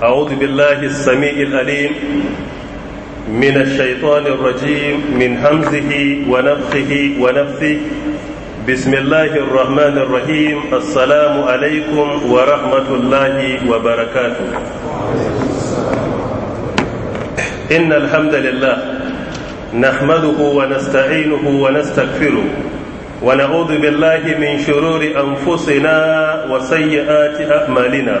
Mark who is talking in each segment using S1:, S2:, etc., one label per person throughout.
S1: أعوذ بالله السميع العليم من الشيطان الرجيم من همزه ونفخه ونفثه بسم الله الرحمن الرحيم السلام عليكم ورحمة الله وبركاته إن الحمد لله نحمده ونستعينه ونستغفره ونعوذ بالله من شرور أنفسنا وسيئات أعمالنا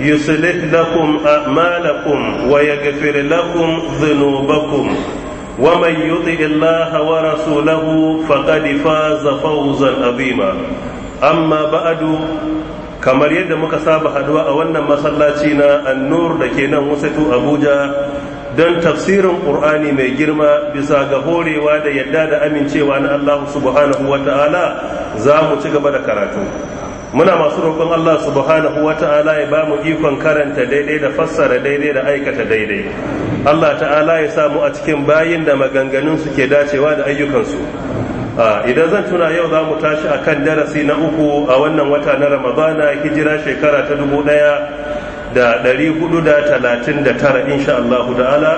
S1: يصلح لكم أعمالكم ويغفر لكم ذنوبكم ومن يطع الله ورسوله فقد فاز فوزا عظيما أما بعد kamar yadda muka saba haduwa a wannan masallaci na annur da ke nan wasatu abuja don tafsirin ƙur'ani mai girma bisa ga horewa da yadda da amincewa na allahu subhanahu wa ta'ala za mu ci gaba da karatu muna masu roƙon Allah subhanahu wa ta'ala ya ba mu ikon karanta daidai da fassara daidai da aikata daidai Allah ta'ala ya sa mu a cikin bayin da maganganun su ke dacewa da ayyukansu idan zan tuna yau za mu tashi a kan darasi na uku a wannan wata na ramadana hijira shekara ta dubu ɗaya da ɗari hudu da talatin da tara insha Allah ta'ala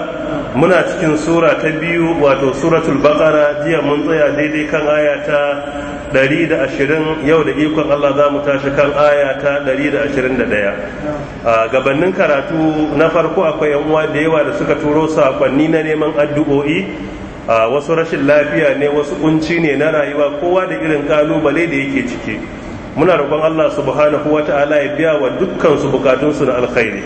S1: muna cikin sura ta biyu wato suratul baqara jiya mun tsaya daidai kan aya ta 120 yau da ikon Allah za mu tashi kan aya ta 121 gabanin karatu na farko akwai yan uwa da yawa da suka turo sakonni na neman addu'o'i wasu rashin lafiya ne wasu kunci ne na rayuwa kowa da irin kalubale da yake ciki muna roƙon Allah subhanahu wa ta'ala ya biya wa dukkansu bukatunsu na alkhairi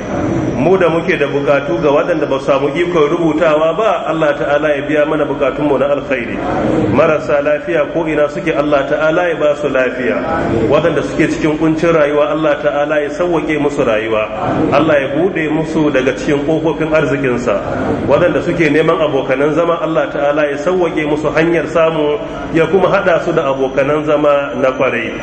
S1: mu da muke da bukatu ga waɗanda ba samu ikon rubutawa ba Allah ta'ala ya biya mana bukatunmu na alkhairi marasa lafiya ko ina suke Allah ta'ala ya ba su lafiya waɗanda suke cikin kuncin rayuwa Allah ta'ala ya sauwake musu rayuwa Allah ya bude musu daga cikin ƙofofin arzikinsa waɗanda suke neman abokanan zama Allah ta'ala ya sauwake musu hanyar samu ya kuma haɗa su da abokanan zama na kwarai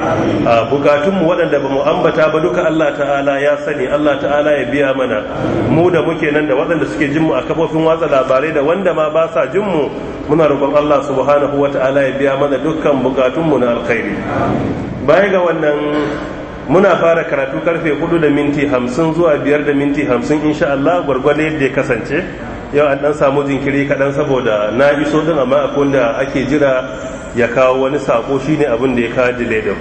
S1: bugatunmu waɗanda ba mu ambata ba duka Allah ta'ala ya sani Allah ta'ala ya biya mana mu da muke nan da waɗanda suke jinmu a kafofin watsa labarai da wanda ma ba sa jinmu muna roƙon Allah subhanahu wa ta'ala ya biya mana dukkan bukatunmu na alkhairi baya ga wannan muna fara karatu karfe 4 da minti 50 zuwa 5 da minti 50 insha Allah gwargwado yadda ya kasance yau an dan samu jinkiri kaɗan saboda na iso din amma akwai wanda ake jira ya kawo wani sako shine abin da ya kawo delay din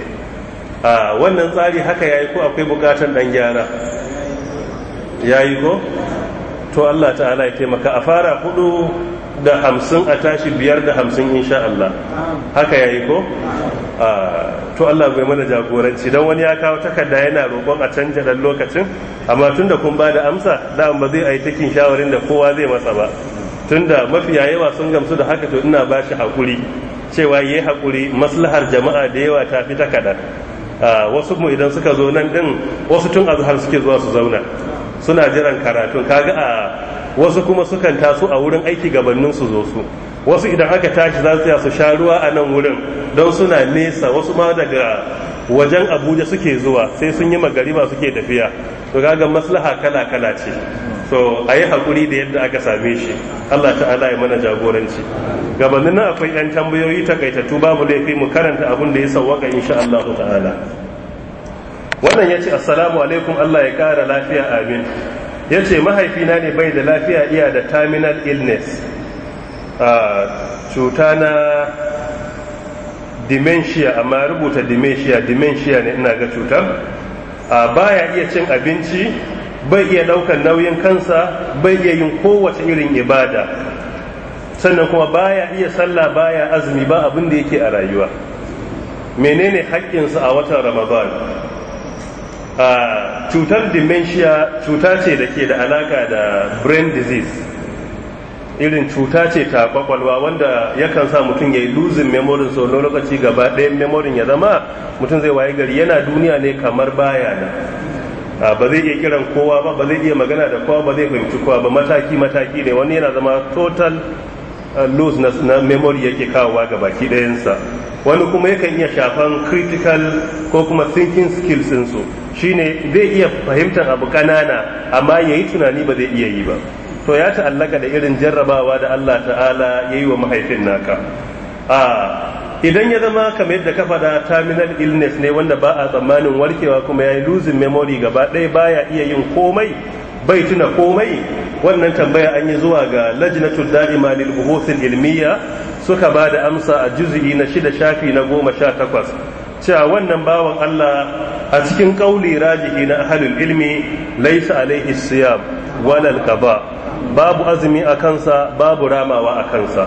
S1: a wannan tsari haka ya yi ko akwai bukatar dan gyara ya yi ko to allah ta'ala ya taimaka a fara hudu da hamsin a tashi biyar da hamsin insha allah haka ya yi ko to Allah bai mana jagoranci don wani ya kawo takarda yana roƙon a canja dan lokacin amma tunda kun ba da amsa da ba zai yi takin shawarin da kowa zai masa ba Tunda mafiya yawa sun gamsu da haka to ina ba shi haƙuri cewa yi haƙuri maslahar jama'a da yawa ta fi ta wasu mu idan suka zo nan din wasu tun azhar suke zuwa su zauna suna jiran karatun kaga a wasu kuma sukan taso a wurin aiki gabanin su zo su wasu idan aka tashi za su ya su sha ruwa a nan wurin don suna nesa wasu ma daga wajen abuja suke zuwa sai sun yi magariba suke tafiya to kaga maslaha kala kala ce so a yi haƙuri da yadda aka same shi allah ta'ala ya mana jagoranci gabanin na akwai 'yan tambayoyi takaitattu babu laifi mu karanta abin da ya sauwaka insha allah ta'ala wannan ya ce assalamu alaikum allah ya ƙara lafiya amin ya ce mahaifina ne bai da lafiya iya da terminal illness ah, cuta na dementia amma rubuta dementia dementia ne ina ga cutar ah, baya iya cin abinci bai iya ɗaukar nauyin kansa bai iya yin kowace irin ibada sannan kuma baya iya sallah baya azumi ba abin da yake a rayuwa menene haƙƙinsa a watan ramadan ah, cutar dementia cuta ce da ke da alaka da brain disease irin cuta ce ta kwakwalwa wanda yakan sa mutum ya yi losing memory so lokaci gaba ɗayan memory ya zama mutum zai waye gari yana duniya ne kamar baya na Ah, ba zai iya kiran kowa ba ba zai iya magana da kowa ba zai fahimci kowa ba mataki mataki ne wani yana zama total ah, lose na memory yake kawowa ga baki ɗayansa wani kuma yakan iya shafan critical ko kuma thinking skills su shine zai iya fahimtar abu kanana amma ya yi tunani ba zai iya yi ba to ya ta'allaka da irin jarrabawa da Allah ta'ala ya yi wa mahaifin naka a ah, idan ya zama kamar yadda ka faɗa terminal illness ne wanda ba a tsammanin warkewa kuma ya yi losing memory gaba ɗaya baya iya yin komai bai tuna komai wannan tambaya an yi zuwa ga lajnatul da'ima lil buhuthil ilmiya suka ba da amsa a juz'i na shida shafi na goma sha takwas cewa wannan bawan Allah a cikin kauli rajihi na ahlul ilmi laisa alaihi siyam walal qada babu azumi a kansa babu ramawa a kansa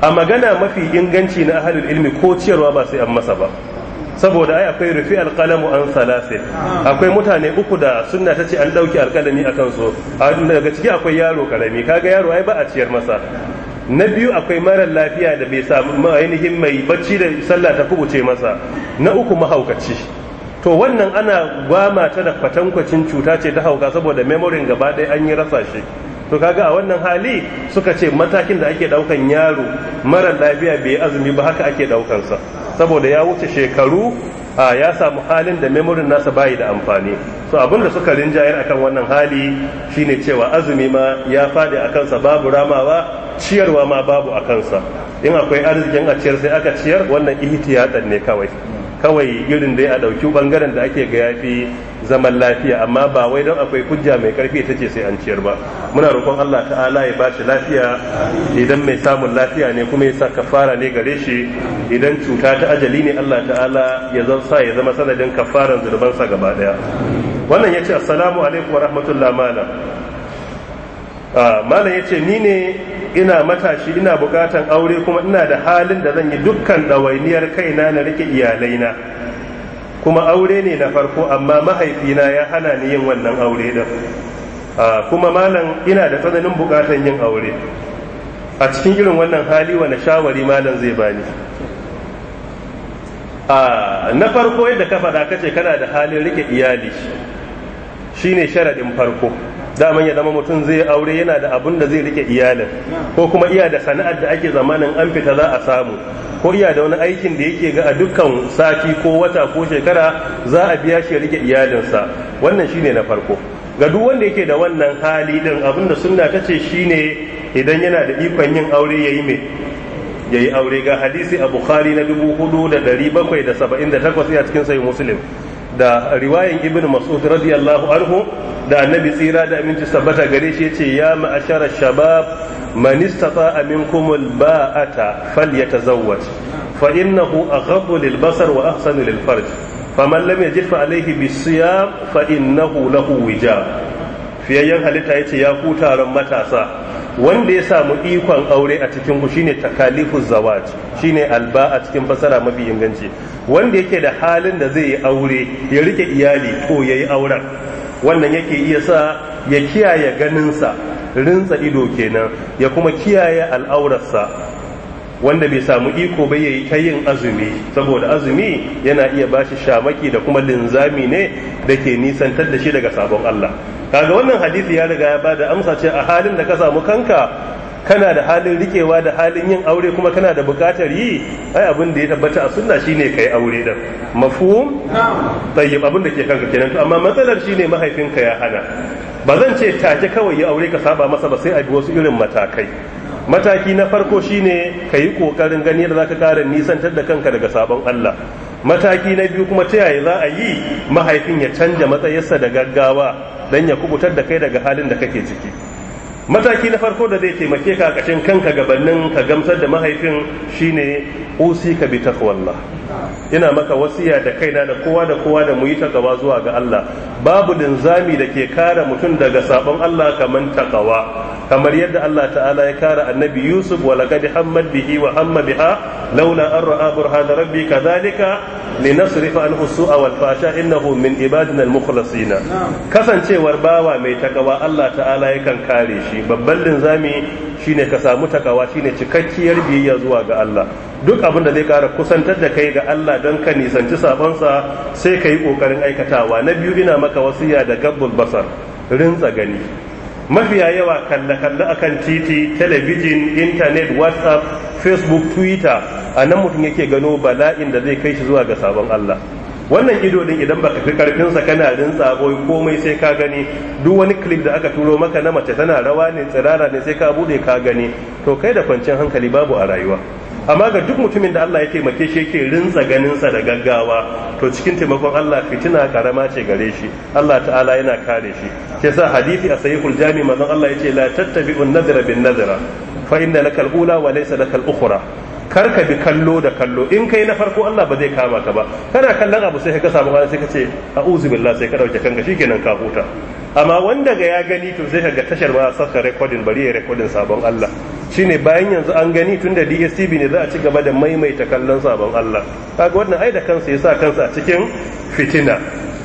S1: a magana mafi inganci na ahalul ilmi ko ciyarwa ba sai an masa ba saboda ai akwai rufi alƙalamu an salase akwai mutane uku da sunna ta ce an ɗauki alƙalami a kansu daga ciki akwai yaro karami kaga yaro ai ba a ciyar masa na biyu akwai marar lafiya da bai samu ainihin mai bacci da sallah ta kubuce masa na uku mahaukaci to wannan ana gwamata da fatankwacin cuta ce ta hauka saboda memorin gaba ɗaya an yi rasa shi to kaga a wannan hali suka ce matakin da ake daukan yaro mara lafiya bai azumi ba haka ake daukansa saboda ya wuce shekaru ya samu halin da memorin nasa bayi da amfani so da suka rinjayar akan wannan hali shine cewa azumi ma ya faɗi a kansa babu ramawa ciyarwa ma babu a kansa in akwai arzikin a ciyar sai aka ciyar wannan ihtiyatan ne kawai kawai irin dai a ɗauki ɓangaren da ake ga yafi zaman lafiya amma ba wai don akwai hujja mai karfi ta ce sai an ciyar ba muna roƙon Allah ta'ala ya ba shi lafiya idan mai samun lafiya ne kuma ya sa kafara ne gare shi idan cuta ta ajali ne Allah ta'ala ya zan sa ya zama sanadin kafaran zunubansa gaba ɗaya wannan ya ce assalamu alaikum wa rahmatullah malam ah, malam ya ce ni ne ina matashi ina bukatan aure kuma ina da halin da zan yi dukkan ɗawainiyar kaina na rike iyalaina kuma aure ne na farko amma mahaifina ya hana ni yin wannan aure din ah, kuma malam ina da tsananin bukatan yin aure a cikin irin wannan hali wani shawari malam zai bani a ah, na farko yadda ka faɗa kace kana da halin rike iyali shine sharaɗin farko daman ya zama mutum zai aure yana da abun da zai rike iyalin ko kuma iya da sana'ar da ake zamanin an fita za a samu ko iya da wani aikin da yake ga a dukkan sati ko wata ko shekara za a biya shi ya rike iyalinsa wannan shine na farko ga duk wanda yake da wannan hali din da sunna ta ce shine idan yana da ikon yin aure yayi me yayi aure ga hadisi a bukhari na 4778 a cikin sahih muslim da riwayan ibn mas'ud radiyallahu anhu da annabi tsira da aminci sabbata gare shi yace ya ma'ashara shabab man istata'a minkum al-ba'ata falyatazawwaj fa innahu aghaddu lil-basar wa ahsanu lil-farj faman lam yajid fa alayhi bis-siyam fa innahu lahu wijab fiyayyan halitta yace ya ku taron matasa wanda ya samu ikon aure a cikin ku shine takalifu zawaj shine alba a cikin fasara mafi inganci wanda yake da halin da zai yi aure ya rike iyali ko yayi auren wannan yake iya sa ya kiyaye ganinsa rintsa ido kenan ya kuma kiyaye al'aurarsa wanda bai samu iko ba yayi ta yin azumi saboda azumi yana iya bashi shamaki da kuma linzami ne da ke nisantar da shi daga sabon Allah kaga wannan hadisi ya riga ya bada amsa ce a halin da ka samu kanka kana da halin rikewa da halin yin aure kuma kana da bukatar yi ai abin da ya tabbata a sunna shine kai aure da mafhum tayyib abin da ke kanka kenan to amma matsalar shine mahaifinka ya hana ba zan ce take kawai ya aure ka saba masa ba sai a bi wasu irin matakai mataki na farko shine ka yi kokarin gani da zaka ƙara nisantar da kanka daga sabon Allah mataki na biyu kuma ta yaya za a yi mahaifin ya canja matsayinsa da gaggawa don ya kubutar da kai daga halin da kake ciki mataki na farko da zai taimake ka kashin kanka gabanin ka gamsar da mahaifin shine usi ka bi takwalla ina maka wasiya da kaina da kowa da kowa da muyi takawa zuwa ga Allah babu linzami da ke kare mutum daga sabon Allah kaman takawa kamar yadda Allah ta'ala ya kara annabi Yusuf wa laqad hammad bihi wa hamma biha laula an ra'a burhana rabbi kadhalika linasrifa anhu su'a wal fasha innahu min ibadina al mukhlasin kasancewar bawa mai takawa Allah ta'ala yakan kare shi babban linzami shine ka samu takawa shine cikakkiyar biyayya zuwa ga Allah duk abin da zai kara kusantar da kai ga Allah don ka nisanci sabonsa sai ka yi kokarin aikatawa na biyu ina maka wasiya da gabbul basar rinza gani mafiya yawa kalla-kalla kalle akan titi talabijin intanet whatsapp facebook twitter a nan mutum yake gano bala'in da zai kai shi zuwa ga sabon allah wannan ido din idan baka fi karfinsa kana rin boy komai sai ka gani duk wani clip da aka turo maka na mace tana rawa ne tsirara ne sai ka bude ka gani to kai da kwanciyar hankali babu a rayuwa amma ga duk mutumin da Allah ya taimake shi yake rinsa ganinsa da gaggawa to cikin taimakon Allah fitina karama ce gare shi Allah ta'ala yana kare shi ke sa hadisi a sahihul jami manzon Allah yace la un nadra bin nadra fa inna al ula wa laysa al ukhra kar ka bi kallo da kallo in kai na farko Allah ba zai kama ka ba kana kallon abu sai ka samu sai ka ce a'udhu billahi sai ka dauke kanka shikenan ka huta amma wanda ga ya gani to zai ga tashar ma saka rekodin bari ya rekodin sabon Allah shine bayan yanzu an gani tun da DSTV ne za a ci gaba da maimaita kallon sabon Allah kaga wannan ai da kansa yasa kansa a cikin fitina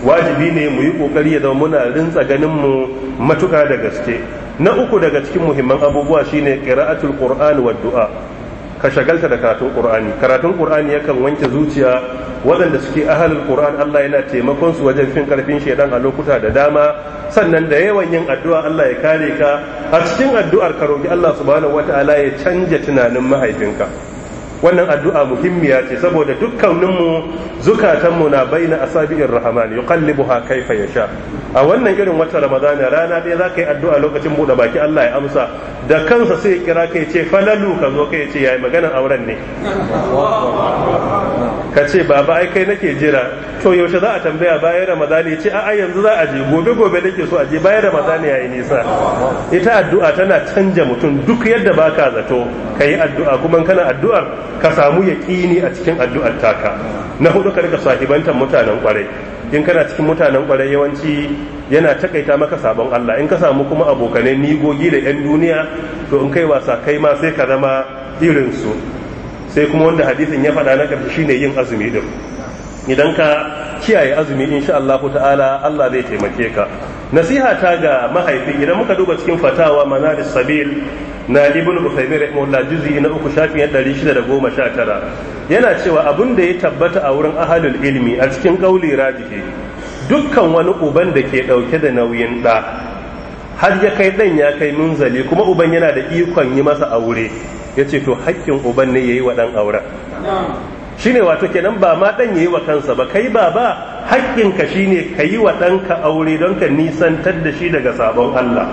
S1: wajibi ne mu yi kokari ya zama muna rinsa ganin mu matuka da gaske na uku daga cikin muhimman abubuwa shine qira'atul qur'an wa du'a ka shagalta da karatun qur'ani karatun qur'ani yakan wanke zuciya waɗanda suke ahalul qur'an Allah yana taimakon su wajen fin karfin shedan a lokuta da dama sannan da yawan yin addu'a Allah ya kare ka a cikin addu'ar ka roki Allah subhanahu wataala ya canja tunanin mahaifinka wannan addu'a muhimmiya ce saboda dukkaninmu zukatanmu na baina ya rahman yuqallibuha kaifa ya sha. a wannan irin wata ramadana rana ɗaya za ka yi addu'a lokacin buɗe baki Allah ya amsa da kansa sai ya kira ka ya ce falalu ka zo ka ya ce yayi maganar auren ne ka ce baba ai kai nake jira to yaushe za a tambaya bayan ramadani ya ce a'a yanzu za a je gobe gobe nake so a je bayan ramadani ya yi nisa ita addu'a tana canja mutum duk yadda baka zato ka yi addu'a kuma kana addu'ar ka samu yaƙini a cikin addu'ar taka na hudu ka rika sahibantar mutanen kwarai in kana cikin mutanen kwarai yawanci yana takaita maka sabon Allah in ka samu kuma abokanai nigogi da 'yan duniya to in kai wasa kai ma sai ka zama su. sai kuma wanda hadisin ya faɗa na ƙarfi shine yin azumi din idan ka kiyaye azumi insha Allah ta'ala Allah zai taimake ka nasiha ta ga mahaifi idan muka duba cikin fatawa da sabil na ibn Uthaymeen rahimahullah juz'i na uku shafi 619 yana cewa abun da ya tabbata a wurin ahalul ilmi a cikin kauli rajihi dukkan wani uban da ke dauke da nauyin da har ya kai dan ya kai munzali kuma uban yana da ikon yi masa aure ya ce to hakkin uban ne ya yi wa ɗan auren shi ne wato kenan ba ma ɗan ya yi wa kansa ba kai ba ba ka shi ne ka yi wa ɗanka aure don ka nisantar da shi daga sabon Allah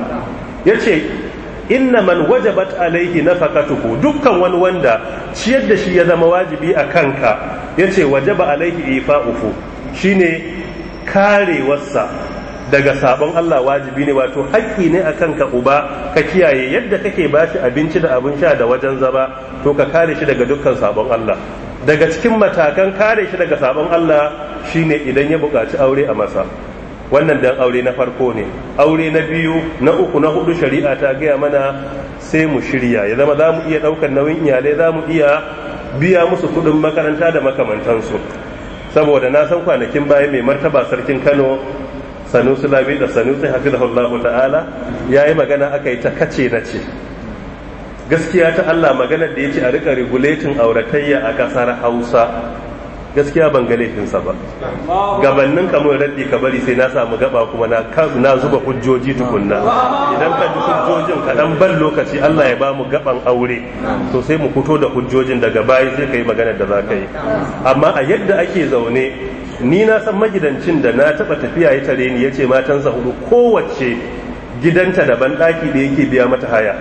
S1: ya ce inna man wajabat alaihi fakatuku dukkan wani wanda ciyar da shi ya zama wajibi a kanka yace wajaba alaihi shi ne karewarsa daga sabon Allah wajibi ne wato hakki ne akan ka uba ka kiyaye yadda kake bashi abinci da abin sha da wajen zama to ka kare shi daga dukkan sabon Allah daga cikin matakan kare shi daga sabon Allah shine idan ya buƙaci aure a masa wannan dan aure na farko ne aure na biyu na uku na hudu shari'a ta gaya mana sai mu shirya ya zama za mu iya ɗaukan nauyin iyalai za mu iya biya musu kuɗin makaranta da makamantansu saboda na san kwanakin baya mai martaba sarkin kano sanusi labi da sanusi Allah ta'ala yayi magana akai ta kace na ce gaskiya ta allah maganar da ya ce a rika regulating auratayya a kasar hausa gaskiya ban ga laifinsa ba Gabanin ka mun raddi ka bari sai na samu gaba kuma na zuba hujjoji tukunna idan ka ji hujjojin kaɗan ban lokaci allah ya ba mu gaban aure to sai mu fito da hujjojin daga baya sai ka yi maganar da za amma a yadda ake zaune ni na san magidancin da na taɓa tafiya ya tare ni ya ce matansa hudu kowace gidanta daban ɗaki da yake biya mata haya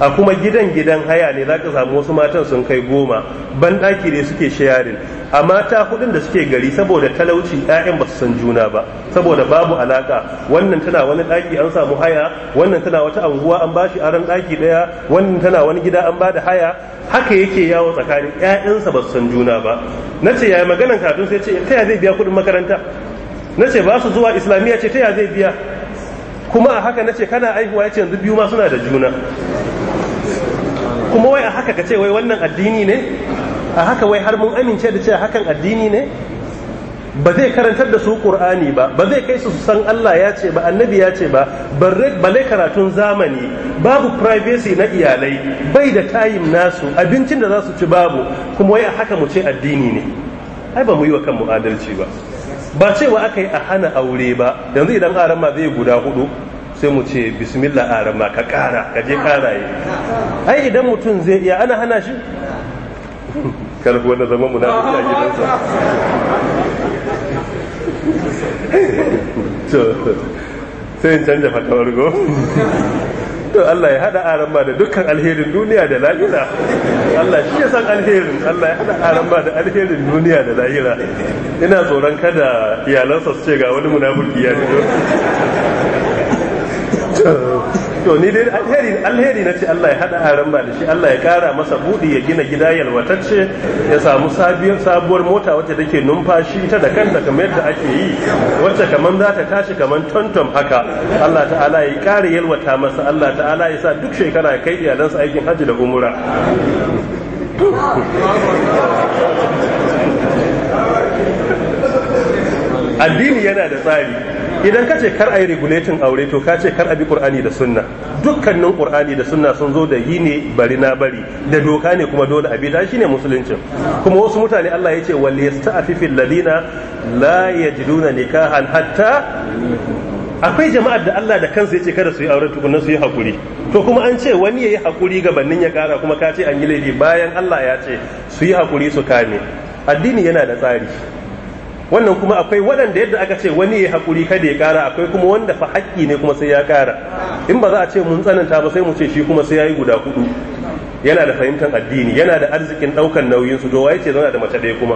S1: a kuma gidan gidan haya ne za ka samu wasu matan sun kai goma ban ɗaki ne suke shayarin a mata hudun da suke gari saboda talauci 'ya'yan ba su san juna ba saboda babu alaka wannan tana wani ɗaki an samu haya wannan tana wata anguwa an bashi aron ɗaki ɗaya wannan tana wani gida an bada haya haka yake yawo tsakanin ƴaƴansa ba su san juna ba na ce yayi maganan kafin sai ce ta ya zai biya kuɗin makaranta na ce ba su zuwa islamiyya ce ta ya zai biya kuma a haka na ce kana aihuwa ya ce yanzu biyu ma suna da juna kuma wai a haka ka ce wai wannan addini ne a haka wai har mun amince da cewa hakan addini ne ba zai karantar da su qur'ani ba ba zai kai su san Allah ya ce ba annabi ya ce ba balle karatun zamani babu privacy na iyalai bai da tayin nasu abincin da za su ci babu kuma wai a haka mu ce addini ne ai ba mu yi wa kanmu adalci ba ba cewa aka yi a hana aure ba yanzu idan aran ma zai guda hudu sai mu ce bismillah arama ka kara ka je kara yi ai idan mutum zai iya ana hana shi karfi wanda zama muna munafiki a gidansa sai in canja fatawar go to Allah ya hada aramba da dukkan alherin duniya da lahira Allah shi ya san alherin Allah ya hada aramba da alherin duniya da lahira ina tsoron kada iyalansa su ce ga wani munafiki ya fito
S2: to
S1: ni dai alheri alheri na ce Allah ya hada aran ba da shi Allah ya kara masa budi ya gina gida yalwatacce ya samu sabiyar sabuwar mota wacce take numfashi ta da kanta kamar yadda ake yi wacce kaman za ta tashi kaman tontom haka Allah ta'ala ya kara yalwata masa Allah ta'ala ya sa duk shekara ya kai iyalansa aikin hajji da umura addini yana da tsari idan ka ce kar a yi regulatin aure to ka ce kar a bi ƙur'ani da sunna dukkanin ƙur'ani da sunna sun zo da yi ne bari na bari da doka ne kuma dole a bi da ne musuluncin kuma wasu mutane Allah ya ce wal yasta'fifil ladina la yajiduna nikahan hatta akwai jama'ar da Allah da kansa ya ce kada su yi auren tukunna su yi hakuri to kuma an ce wani ya yi hakuri gabanin ya kara kuma ka ce an yi laifi bayan Allah ya ce su yi hakuri su kame addini yana da tsari wannan kuma akwai waɗanda yadda aka ce wani ya hakuri kada ya ƙara akwai kuma wanda fa haƙƙi ne kuma sai ya ƙara in ba za a ce mun tsananta ba sai mu ce shi kuma sai ya yi guda kuɗu yana da fahimtar addini yana da arzikin ɗaukar nauyin su dowa ce zauna da mace ɗaya kuma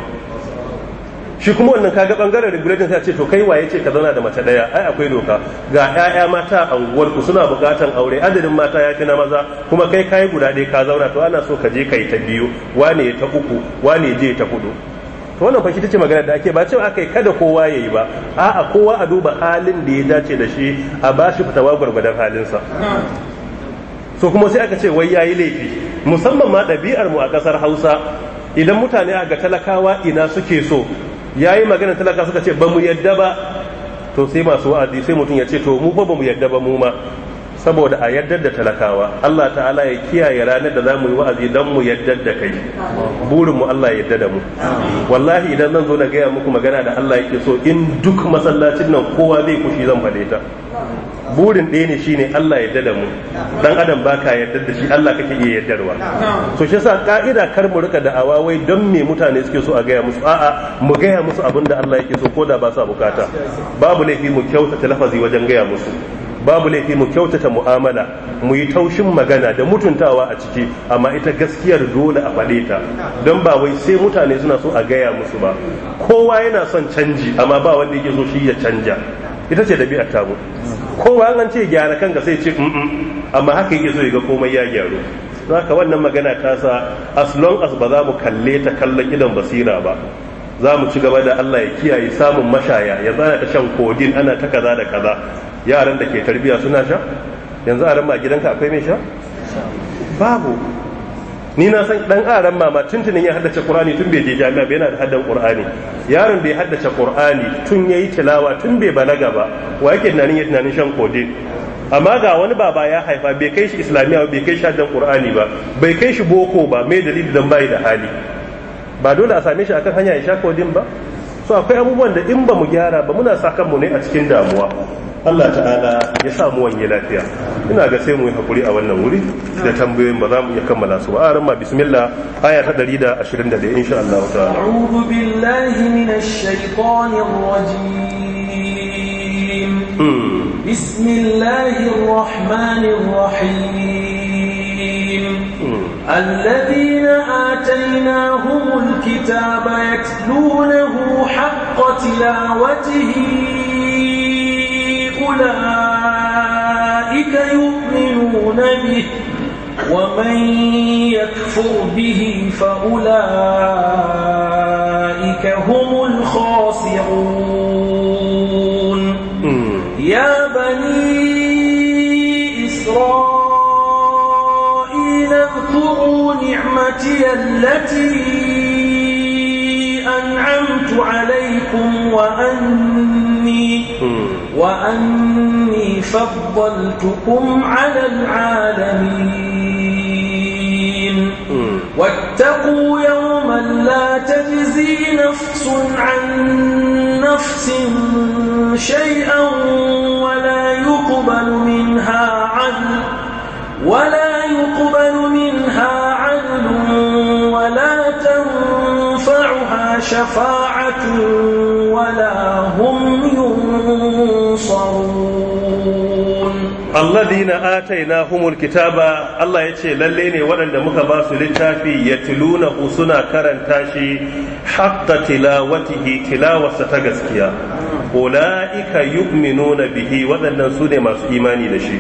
S1: shi kuma wannan kaga bangaren regulation sai a ce to kai waye ce ka zauna da mace ɗaya ai akwai doka ga ƴaƴa mata a unguwar ku suna buƙatan aure adadin mata ya fi na maza kuma kai kai guda ɗaya ka zauna to ana so ka je kai ta biyu wane ta uku wane je ta hudu to wannan fashi tace magana da ake ba cewa akai kada kowa yayi ba a'a kowa a duba halin da ya dace da shi a bashi fitawa halin sa. so kuma sai aka ce wai yayi laifi musamman ma ɗabi'ar mu a kasar Hausa idan mutane a ga talakawa ina suke so yayi magana talaka suka ce ba mu yadda ba to sai masu wa'azi sai mutum ya ce to mu ba mu yadda ba mu ma saboda a yaddar da talakawa Allah ta'ala ya kiyaye ranar da za mu yi wa'azi dan mu yaddar da kai burin mu Allah ya da mu wallahi idan zan zo na gaya muku magana da Allah yake so in duk masallacin nan kowa zai kushi zan fade ta burin ɗaya ne shine Allah ya da mu dan adam baka yarda da shi Allah kake iya yardarwa so shi yasa ka'ida kar mu rika da'awa wai don me mutane suke so a gaya musu a'a mu gaya musu abin da Allah yake so ko da ba sa bukata babu laifi mu kyautata lafazi wajen gaya musu babu laifi mu kyautata mu'amala mu yi taushin magana da mutuntawa a ciki amma ita gaskiyar dole a faɗe ta don ba wai sai mutane suna so a gaya musu ba kowa yana son canji amma ba wanda yake so shi ya canja ita ce ɗabi'ar tamu kowa an ce gyara kanka sai ce amma haka yake so ya ga komai ya gyaru haka wannan magana ta sa as long as ba za mu kalle ta kallon idan basira ba za mu ci gaba da Allah ya kiyaye samun mashaya ya zana ta shan kodin ana ta kaza da kaza yaran da ke tarbiya suna sha yanzu a ma gidanka akwai mai sha babu ni na san dan aran mama tuntunin ya haddace qur'ani tun bai je jami'a bai yana da haddan qur'ani yaron bai haddace qur'ani tun yayi tilawa tun bai balaga ba wa yake tunanin ya tunanin shan kode amma ga wani baba ya haifa bai kai shi islamiya bai kai shi haddan qur'ani ba bai kai shi boko ba mai dalili dan bai da hali ba dole a same shi akan hanya ya sha kodin ba so akwai abubuwan da in ba mu gyara ba muna sa kanmu ne a cikin damuwa Allah ta'ala ya sa mu wanye lafiya ina ga sai mu yi hakuri a wannan wuri da tambayoyin ba za mu iya kammala su ba a ramma bismillah aya ta 121 insha Allah ta'ala
S3: a'udhu billahi minash shaitanir rajim hmm. bismillahir rahmanir rahim hmm. alladhina atainahumul kitaba yatlunahu haqqa tilawatihi ومن يكفر به فأولئك هم الخاسرون يا بني إسرائيل اذكروا نعمتي التي أنعمت عليكم وأني وأني فضلتكم على العالمين واتقوا يوما لا تجزي نفس عن نفس شيئا ولا يقبل منها عدل ولا يقبل منها عدل ولا تنفعها شفاعة ولا هم
S1: ataina humul kitaba Allah yace lalle ne waɗanda muka ba su littafi ya tiluna suna karanta shi haqqa tilawatihi tilawarsa ta gaskiya ulaika yu'minuna bihi waɗannan su ne masu imani da shi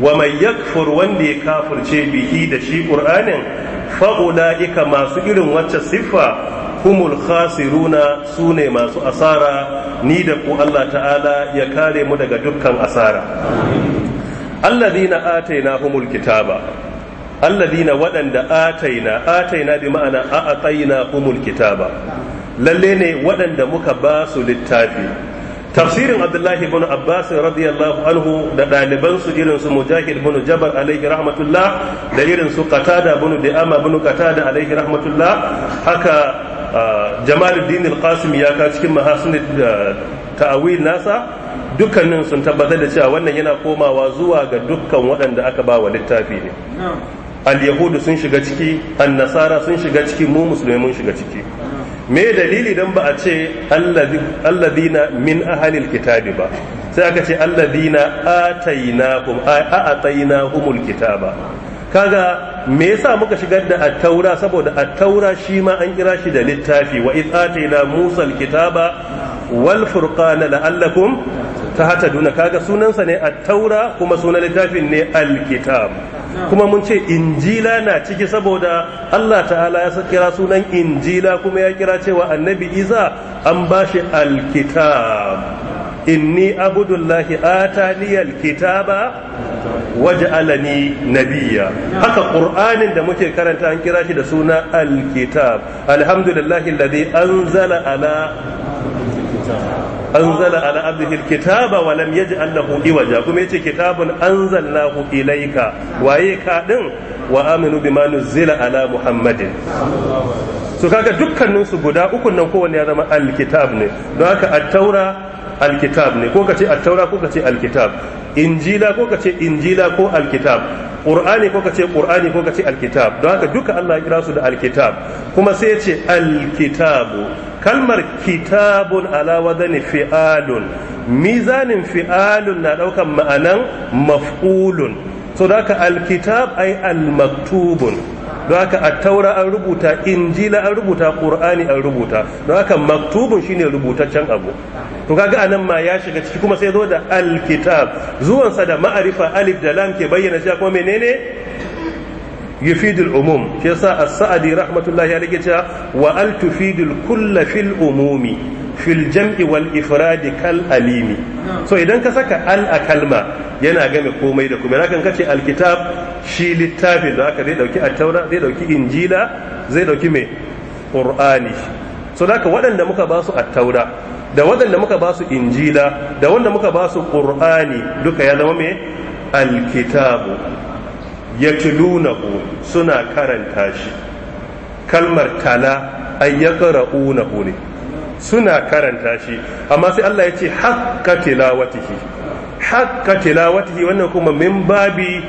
S1: wa mai yakfur wanda ya kafurce bihi da shi ƙur'anin fa'ula'ika masu irin wacce siffa humul khasiruna su ne masu asara ni da ku Allah ta'ala ya kare mu daga dukkan asara alladhina atainahumul kitaba alladhina waɗanda ataina ataina bi ma'ana a ataina humul kitaba lalle ne waɗanda muka ba su littafi tafsirin abdullahi ibn abbas radiyallahu anhu da ɗaliban su irin su mujahid ibn jabar alaihi rahmatullah da irin su qatada ibn di'ama ibn qatada alaihi rahmatullah haka ah, jamaluddin al-qasim ya ka cikin mahasin ah, ta'awil nasa dukkanin sun tabbatar da cewa wannan yana komawa zuwa ga dukkan waɗanda aka ba wa littafi ne al-yahudu sun shiga ciki an-nasara sun shiga ciki mu musulmai mun shiga ciki me dalili dan ba a ce alladina min ahalil kitabi ba sai aka ce alladina atainahum atainahumul kitaba kaga me yasa muka shigar da at-taura saboda at-taura shi ma an kira shi da littafi wa iz ataina musa al-kitaba wal furqan la'allakum tahtaduna kaga sunansa ne at-taura kuma sunan littafin ne al kuma mun ce injila na ciki saboda Allah ta'ala ya kira sunan injila kuma ya kira cewa annabi Isa an bashi al-kitab inni abudullahi atani al-kitaba waj'alani nabiyya haka qur'anin da muke karanta an kira shi da suna al-kitab alhamdulillahi alladhi anzala ala anzala ala abdihil kitaba wa lam yaj'al lahu iwaja kuma yace kitabun anzalnahu ilayka waye ka din wa aminu bima nuzila ala muhammadin so kaga dukkanin su guda uku nan kowanne ya zama alkitab ne don haka at-taura alkitab ne ko kace at-taura ko kace alkitab injila ko kace injila ko alkitab qur'ani ko kace qur'ani ko kace alkitab don haka duka Allah ya kira su da alkitab kuma sai yace alkitabu kalmar kitabun ala wadani fi'alun mizanin fi'alun na daukan ma'anan maf'ulun so da ka alkitab ai almaktubun don haka attaura an rubuta injila an rubuta ƙur'ani an rubuta don haka maktubun shine rubutaccen abu to kaga anan ma ya shiga ciki kuma sai zo da alkitab zuwansa da ma'arifa alif da lam ke bayyana shi kuma menene yufidul umum shi yasa as-sa'di rahmatullahi alayhi cewa wa al fil umumi fil jam'iwal wal kal alimi so idan ka saka al a yana game komai da kuma kan kace al kitab shi littafin da aka zai dauki at zai dauki injila zai dauki mai qur'ani so haka waɗanda muka ba su da waɗanda muka basu injila da wanda muka basu su qur'ani duka ya zama mai alkitabu. yatlunahu suna karanta shi kalmar tala ay yaqra'unahu ne suna karanta shi amma sai Allah ya ce haqqa tilawatihi haqqa tilawatihi wannan kuma min babi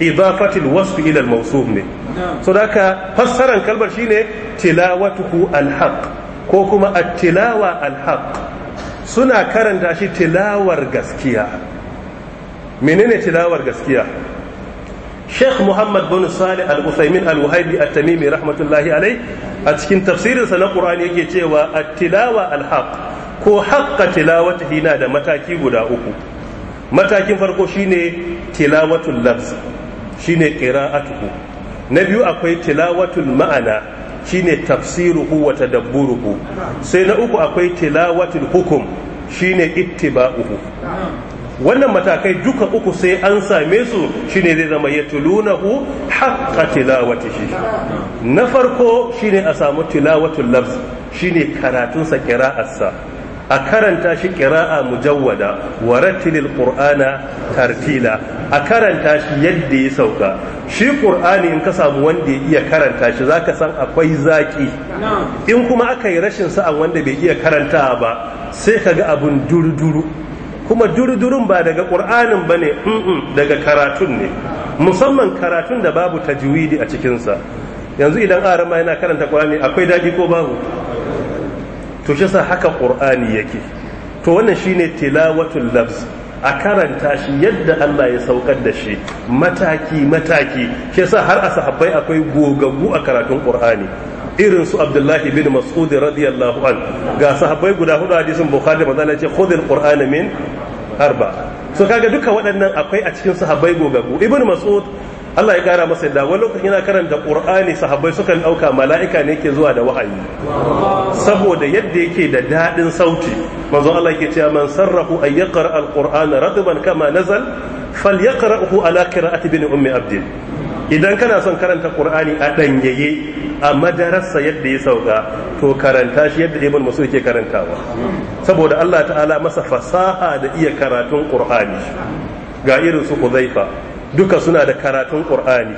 S1: idafatil wasfi ila al ne so haka fassaran kalmar shine tilawatuhu alhaq ko kuma atilawa tilawa suna karanta shi tilawar gaskiya menene tilawar gaskiya Sheikh Muhammad bin Salih Al-Uthaymin Al-Wahabi At-Tamimi rahmatullahi alai a cikin tafsirinsa na Qur'ani yake cewa at-tilawa al-haq ko haqqa tilawatihi na da mataki guda uku matakin farko shine tilawatul lafz shine qira'atuhu na biyu akwai tilawatul ma'ana shine tafsiruhu wa tadabburuhu sai na uku akwai tilawatul hukum shine ittiba'uhu wannan matakai duka uku sai an same su shine zai zama ya tulunahu haqqa tilawatihi na farko shine a samu tilawatul lafz shine karatun sa qira'arsa a karanta shi qira'a mujawwada wa rattilil qur'ana tartila a karanta shi yadda ya sauka shi qur'ani in ka samu wanda ya iya karanta shi zaka san akwai zaki in kuma aka yi rashin sa'an wanda bai iya karanta ba sai kaga abun durduru kuma durdurin ba daga ƙur'anin ba ne daga karatun ne musamman karatun da babu ta a cikinsa yanzu idan arama yana karanta ƙur'ani akwai daɗi ko babu to shi sa haka ƙur'ani yake to wannan shi ne tilawatul labs a karanta shi yadda Allah ya saukar da shi mataki mataki shi sa har a sahabbai akwai gogaggu a karatun ƙur'ani irin su abdullahi bin mas'ud radiyallahu an ga sahabbai guda hudu hadisin bukhari manzo Allah ce khudhil qur'ana min arba so kaga duka waɗannan akwai a cikin sahabbai gogagu ibn mas'ud Allah ya kara masa da wani lokacin yana karanta Qur'ani sahabbai sukan dauka mala'ika ne yake zuwa da wahayi saboda yadda yake da dadin sauti manzo Allah yake cewa man sarrahu an yaqra al-Qur'ana radban kama nazal falyaqrahu ala qira'ati bin ummi abdil idan kana son karanta qur'ani a danyaye a madarasa yadda ya sauka to karanta shi yadda ibn musu yake karantawa saboda Allah ta'ala masa fasaha da iya karatun qur'ani ga irin su Huzaifa duka suna da karatun qur'ani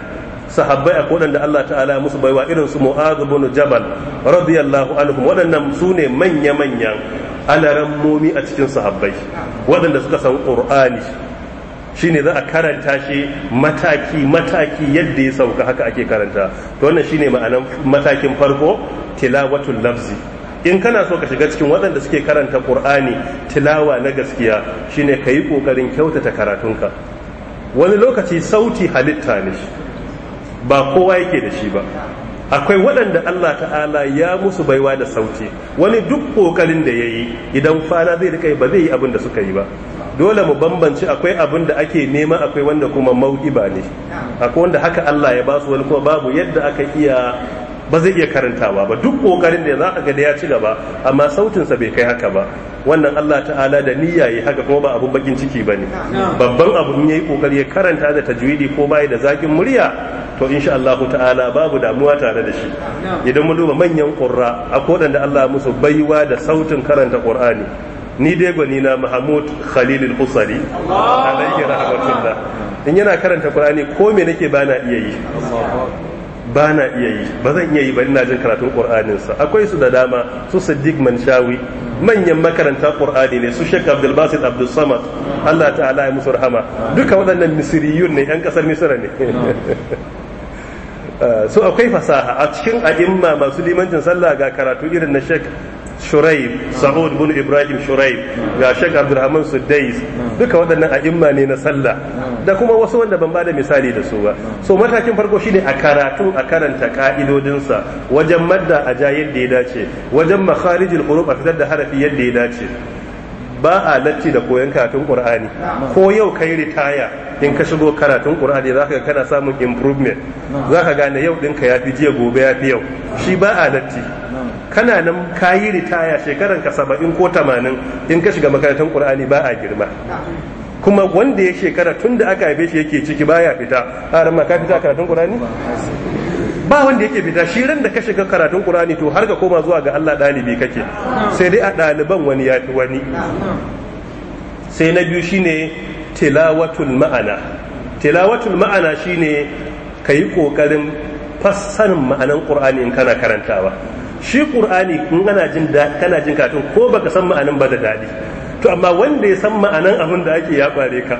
S1: sahabbai a waɗanda Allah ta'ala musu baiwa irin su Mu'adh ibn Jabal radiyallahu anhu waɗannan su ne manya-manyan alarammomi a cikin sahabbai waɗanda suka san qur'ani shine za a karanta shi mataki mataki yadda ya sauka haka ake karanta to wannan shine ma'anan matakin farko tilawatul lafzi in kana so ka shiga cikin waɗanda suke karanta qur'ani tilawa na gaskiya shine yi kokarin kyautata karatunka wani lokaci sauti halitta ne ba kowa yake da shi ba akwai waɗanda Allah ta'ala ya musu baiwa da sauti wani duk ƙoƙarin da ya yi idan fana zai rika ba zai yi abin da suka yi ba dole mu bambanci akwai abin da ake nema akwai wanda kuma mauki ba ne akwai wanda haka Allah ya basu wani kuma babu yadda aka iya ba zai iya karantawa ba duk kokarin da za a ga da ya ci gaba amma sautinsa bai kai haka ba wannan Allah ta'ala da niyya yi haka kuma ba abun bakin ciki ba ne. babban abu ne yayi kokari ya karanta da tajwidi ko bai da zakin murya to insha Allah ta'ala babu damuwa tare da shi idan mu duba manyan qurra akwai wanda Allah musu baiwa da sautin karanta Qur'ani ni dai gwani na mahmud khalilul husari alaihi rahmatullah in yana karanta qur'ani ko me nake bana iya yi na iya yi ba zan iya yi ba ina jin karatun qur'anin sa akwai su da dama su siddiq manshawi manyan makaranta qur'ani ne su sheikh abdul basit abdul samad Allah ta'ala ya musu rahama duka waɗannan misriyun ne yan kasar misra ne Su ah, akwai fasaha a cikin a'imma masu limancin sallah ga karatu irin na shek. shuraib sa'ud bin ibrahim shuraib ga shek abdurrahman suddais duka waɗannan a'imma ne na sallah da kuma wasu wanda ban bada misali da su ba so matakin farko shine a karatu a karanta ka'idodinsa wajen madda a ja ya dace wajen makharijil huruf a fitar da harafi yadda ya dace ba a latti da koyon karatun qur'ani ko yau kai ritaya in ka shigo karatun qur'ani zaka ga kana samun improvement zaka gane yau ɗinka ya fi jiya gobe ya fi yau shi ba a latti kana nan ka yi ritaya shekaran ka saba'in ko tamanin in ka shiga makarantar ƙur'ani ba a girma kuma wanda ya shekara tun da aka haife shi yake ciki baya fita har ma ka fita karatun ƙur'ani ba wanda yake fita shi ran da ka shiga karatun ƙur'ani to har ka koma zuwa ga Allah ɗalibi kake sai dai a ɗaliban wani ya fi wani sai na biyu shine tilawatul ma'ana tilawatul ma'ana shine ka yi ƙoƙarin fassarin ma'anan ƙur'ani in kana karantawa shi qur'ani kun kana jin kana jin ko baka san ma'anin ba da daɗi. to amma wanda ya san ma'anan abin da ake ya bare ka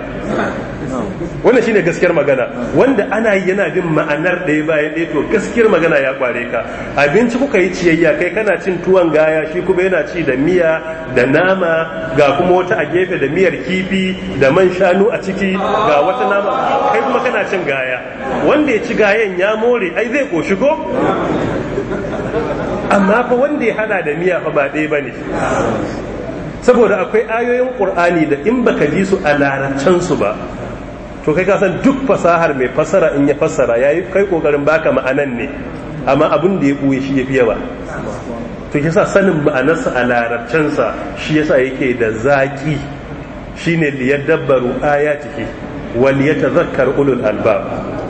S1: wannan shine gaskiyar magana wanda ana yi yana bin ma'anar ɗaya bayan ɗaya to gaskiyar magana ya kware ka abinci kuka yi ciyayya kai kana cin tuwon gaya shi kuma yana ci da miya da nama ga kuma wata a gefe da miyar kifi da man shanu a ciki ga wata nama kai kuma kana cin gaya wanda ya ci gayan ya more ai zai koshi shigo. amma fa wanda ya hada da miya fa ba ɗaya bane saboda akwai ayoyin qur'ani da in baka ji su a larabcin su ba to kai ka san duk fasahar mai fassara in ya fassara yayi kai kokarin baka ma'anan ne amma abin da ya buye shi ya fi ba to yasa sanin ma'anarsa a larabcin sa shi yasa yake da zaki shine liyadabbaru ya wal zakkar ulul albab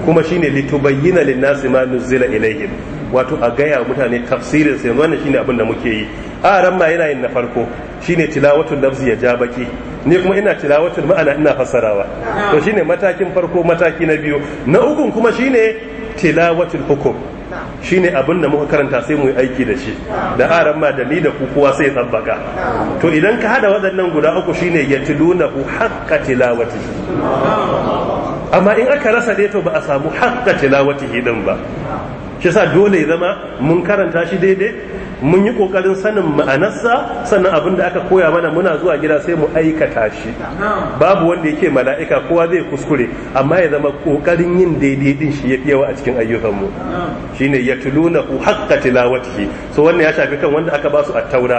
S1: kuma shine litubayyana lin-nasi ma nuzila ilayhim wato a gaya mutane tafsirin sai wannan shine abin da muke yi a ran ma yana yin na farko shine tilawatul lafzi ya ja baki ni kuma ina tilawatul ma'ana ina fassarawa to shine matakin farko mataki na biyu na ukun kuma shine tilawatul hukum shine abin da muka karanta sai mu yi aiki da shi da aran ma da ni da ku kowa sai tsabbaka to idan ka hada waɗannan guda uku shine yatlunahu haqqa tilawati amma in aka rasa dai to ba a samu haqqa tilawati din ba shi sa dole ya zama mun karanta shi daidai mun yi kokarin sanin ma'anarsa sannan abin da aka koya mana muna zuwa gida sai mu aikata shi babu wanda yake mala'ika kowa zai kuskure amma ya zama kokarin yin daidai din shi yafi yawa a cikin ayyukanmu shine yatluna haqqa tilawatihi so wannan ya shafi kan wanda aka ba su attaura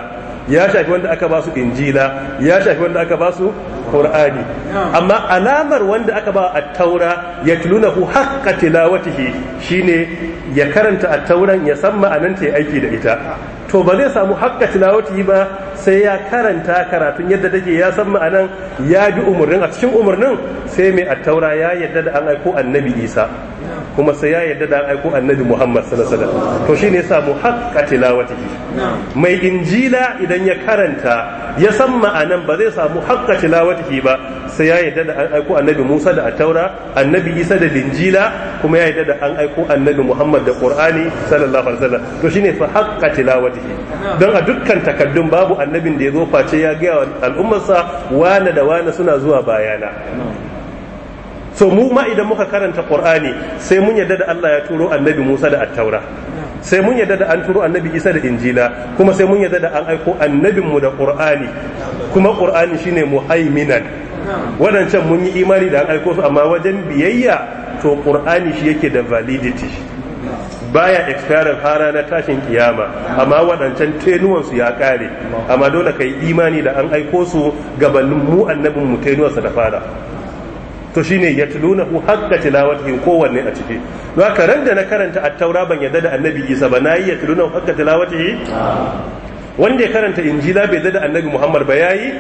S1: ya shafi wanda aka ba su injila ya shafi wanda aka ba su qur'ani amma alamar wanda aka ba a taura ya yatlunahu haqqa tilawatihi shine ya karanta at-tauran ya san ma'ananta ya aiki da ita to ba zai samu haqqa tilawatihi ba sai ya karanta karatun yadda take ya san ma'anan ya bi umarnin a cikin umarnin sai mai attaura ya yadda da an aiko annabi isa kuma sai ya yadda da an aiko annabi muhammad sallallahu alaihi wasallam to shine ya samu haqqa tilawatihi mai injila idan ya karanta ya san ma'anan ba zai samu haqqa tilawatihi ba sai ya yadda da an aiko annabi musa da attaura annabi isa da injila kuma ya yadda da an aiko annabi muhammad da qur'ani sallallahu alaihi wasallam to shine fa haqqa tilawatihi don a dukkan takaddun babu annabin da ya zo face ya gaya al'ummarsa wane da wane suna zuwa bayana so mu ma idan muka karanta qur'ani sai mun yadda da Allah ya turo annabi Musa da attaura sai mun yadda da an turo annabi Isa da injila kuma sai mun yadda da an aiko annabin mu da qur'ani kuma qur'ani shine muhaiminan wadancan mun yi imani da an aiko su amma wajen biyayya to qur'ani shi yake da validity baya expiring hara na tashin kiyama amma waɗancan tenuwansu ya ƙare amma dole ka yi imani da an aiko su gabanin mu annabin mu tenuwarsa da fara to shine ya tiluna hu hakka tilawatihi kowanne a ciki don haka ran da na karanta at-taura ban yadda da annabi Isa ba nayi ya tuluna hu hakka tilawatihi wanda ya karanta injila bai yadda da annabi Muhammad ba yayi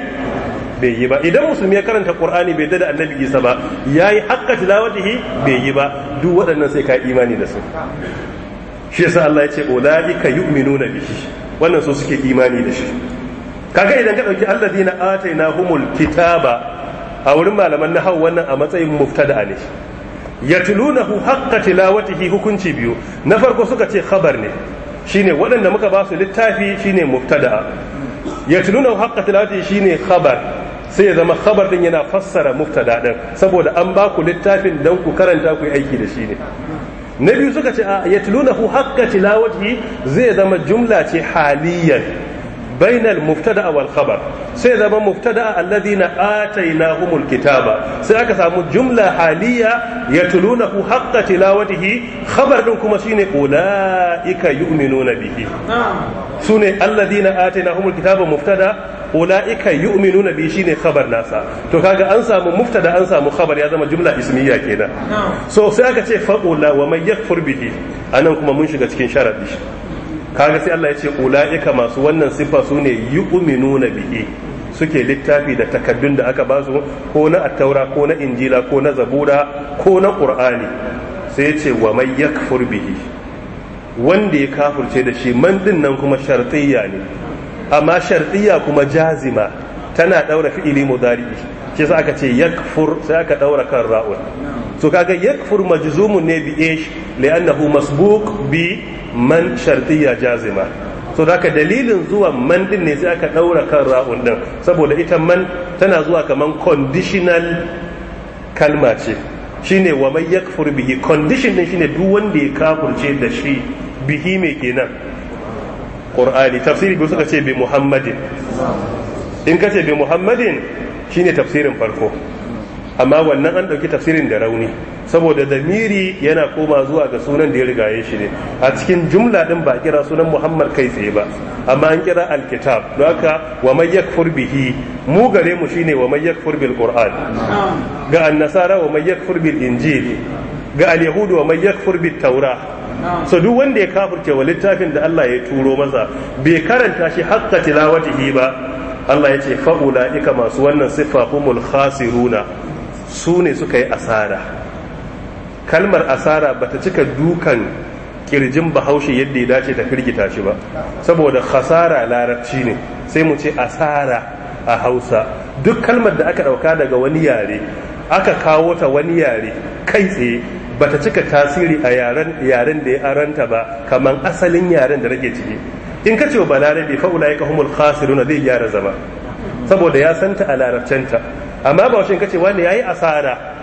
S1: bai yi ba idan musulmi ya karanta qur'ani bai da annabi isa ba yayi hakka tilawatihi bai yi ba duk waɗannan sai ka imani da su shi yasa Allah ya ce ulalika yu'minuna bihi wannan su suke imani da shi kaga idan ka dauki alladina humul kitaba a wurin malaman nahaw wannan a matsayin mubtada ne yatlunahu haqqa tilawatihi hukunci biyu na farko suka ce khabar ne shine waɗanda muka ba su littafi shine mubtada yatlunahu haqqa tilawatihi shine khabar sai ya zama khabar din yana fassara mubtada din saboda an ba ku littafin dan ku karanta ku yi aiki da shi ne na biyu suka ce a yatlunahu haqqa tilawati zai zama jumla ce haliyar. bainal المبتدا wal سي sai zama الذين اتيناهم الكتاب سي sai aka samu jumla haliya yatlunahu haqqa tilawatihi khabar din kuma shine ulaika yu'minuna bihi sune alladhina atainahum alkitaba mubtada ulaika yu'minuna bihi shine khabar nasa to kaga an samu mubtada an samu khabar ya zama jumla ismiya kenan so sai aka ce fa'ula wa man yakfur bihi anan kuma mun shiga cikin sharadi kaga sai Allah ya ce ula'ika masu wannan sifa su ne na bihi suke littafi da takaddun da aka basu ko na attaura ko na injila ko na zabura ko na qur'ani sai ya ce wa may yakfur bihi wanda ya kafurce da shi man din nan kuma shartiyya ne amma shartiyya kuma jazima tana daura fi'ili mudari shi sai aka ce yakfur sai aka daura kan ra'ul to kaga yakfur majzumun ne bi ish li'annahu masbuq bi man shartiya jazima so da dalilin zuwa man din ne sai aka daura kan ra'un din saboda ita man tana zuwa kaman conditional kalma ce shine wa man yakfur bihi condition din shine duk wanda ya kafurce da shi bihi me kenan qur'ani tafsiri bi suka ce bi muhammadin in ka ce bi muhammadin shine tafsirin farko amma wannan an dauki tafsirin da rauni saboda damiri yana koma zuwa ga sunan da ya riga shi ne a cikin jumla din ba kira sunan muhammad kai tsaye ba amma an kira alkitab don haka wa may yakfur bihi mu gare mu shine wa may yakfur bil qur'an ga annasara wa may yakfur bil injil ga alyahudu wa may yakfur bit taura so duk wanda ya kafirce wa littafin da Allah ya turo masa bai karanta shi hakka tilawatihi ba Allah ya ce fa'ula'ika masu wannan siffa humul khasiruna su ne suka yi asara kalmar asara bata cika dukan kirjin bahaushe yadda ya dace ta firgita shi ba saboda khasara larabci ne sai mu ce asara a hausa duk kalmar da aka ɗauka daga wani yare aka kawo ta wani yare kai tsaye bata cika tasiri a yaren yaren da ya aranta ba kamar asalin yaren da rage ciki in ka ce wa balarabe fa ulaika humul khasiruna zai gyara zama saboda ya santa a larabcanta amma ba ka kace wanda yayi asara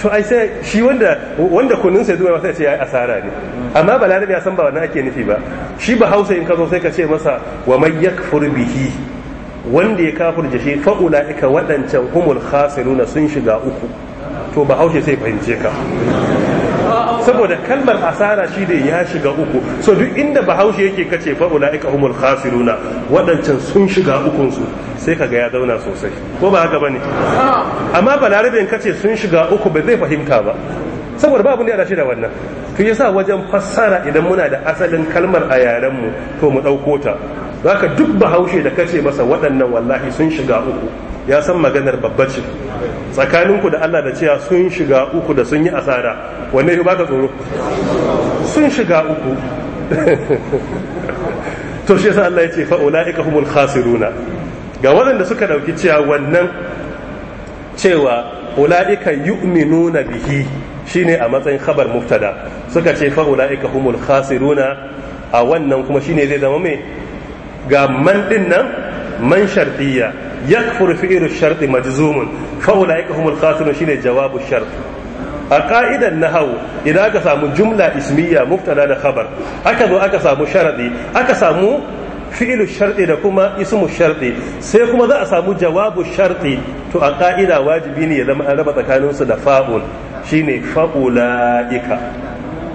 S1: to ai sai shi wanda wanda kunin sai zuwa sai ce ya asara ne amma ba balarabi ya san ba wannan ake nufi ba shi ba hausa in ka zo sai ka ce masa wa may yakfur bihi wanda ya kafirce shi fa ulaika wadancan humul khasiruna sun shiga uku to ba haushe sai fahimce ka saboda kalmar asara shi ne ya shiga uku so duk inda bahaushe yake kace fa ulaika humul khasiruna wadancan sun shiga ukun su sai kaga ya zauna sosai ko ba haka bane amma balarabe in kace sun shiga uku ba zai fahimta ba saboda babu ne da shi da wannan to yasa wajen fassara idan muna da asalin kalmar a yaren mu to mu dauko ta zaka duk bahaushe da kace masa waɗannan wallahi sun shiga uku ya san maganar babba ce tsakaninku da Allah da cewa sun shiga uku da sun yi asara wanne ya baka tsoro sun shiga uku to shi yasa Allah ya ce fa ulaika humul khasiruna ga waɗanda suka dauki cewa wannan cewa ula'ika yu'minuna bihi shine a matsayin khabar muftada suka ce fa ula'ika humul khasiruna a wannan kuma shine zai zama mai ga man din nan man shartiya yakfuru fi'lu sharti majzumun fa ulaika humul khasirun shine jawabu shart a ka'idan nahawu idan aka samu jumla ismiya mubtada da khabar aka zo aka samu sharadi aka samu fi'ilu sharɗi da kuma ismu sharɗi sai kuma za a samu jawabu sharɗi to a ka'ida wajibi ne ya zama an raba su da fa'ul shine fa'ula'ika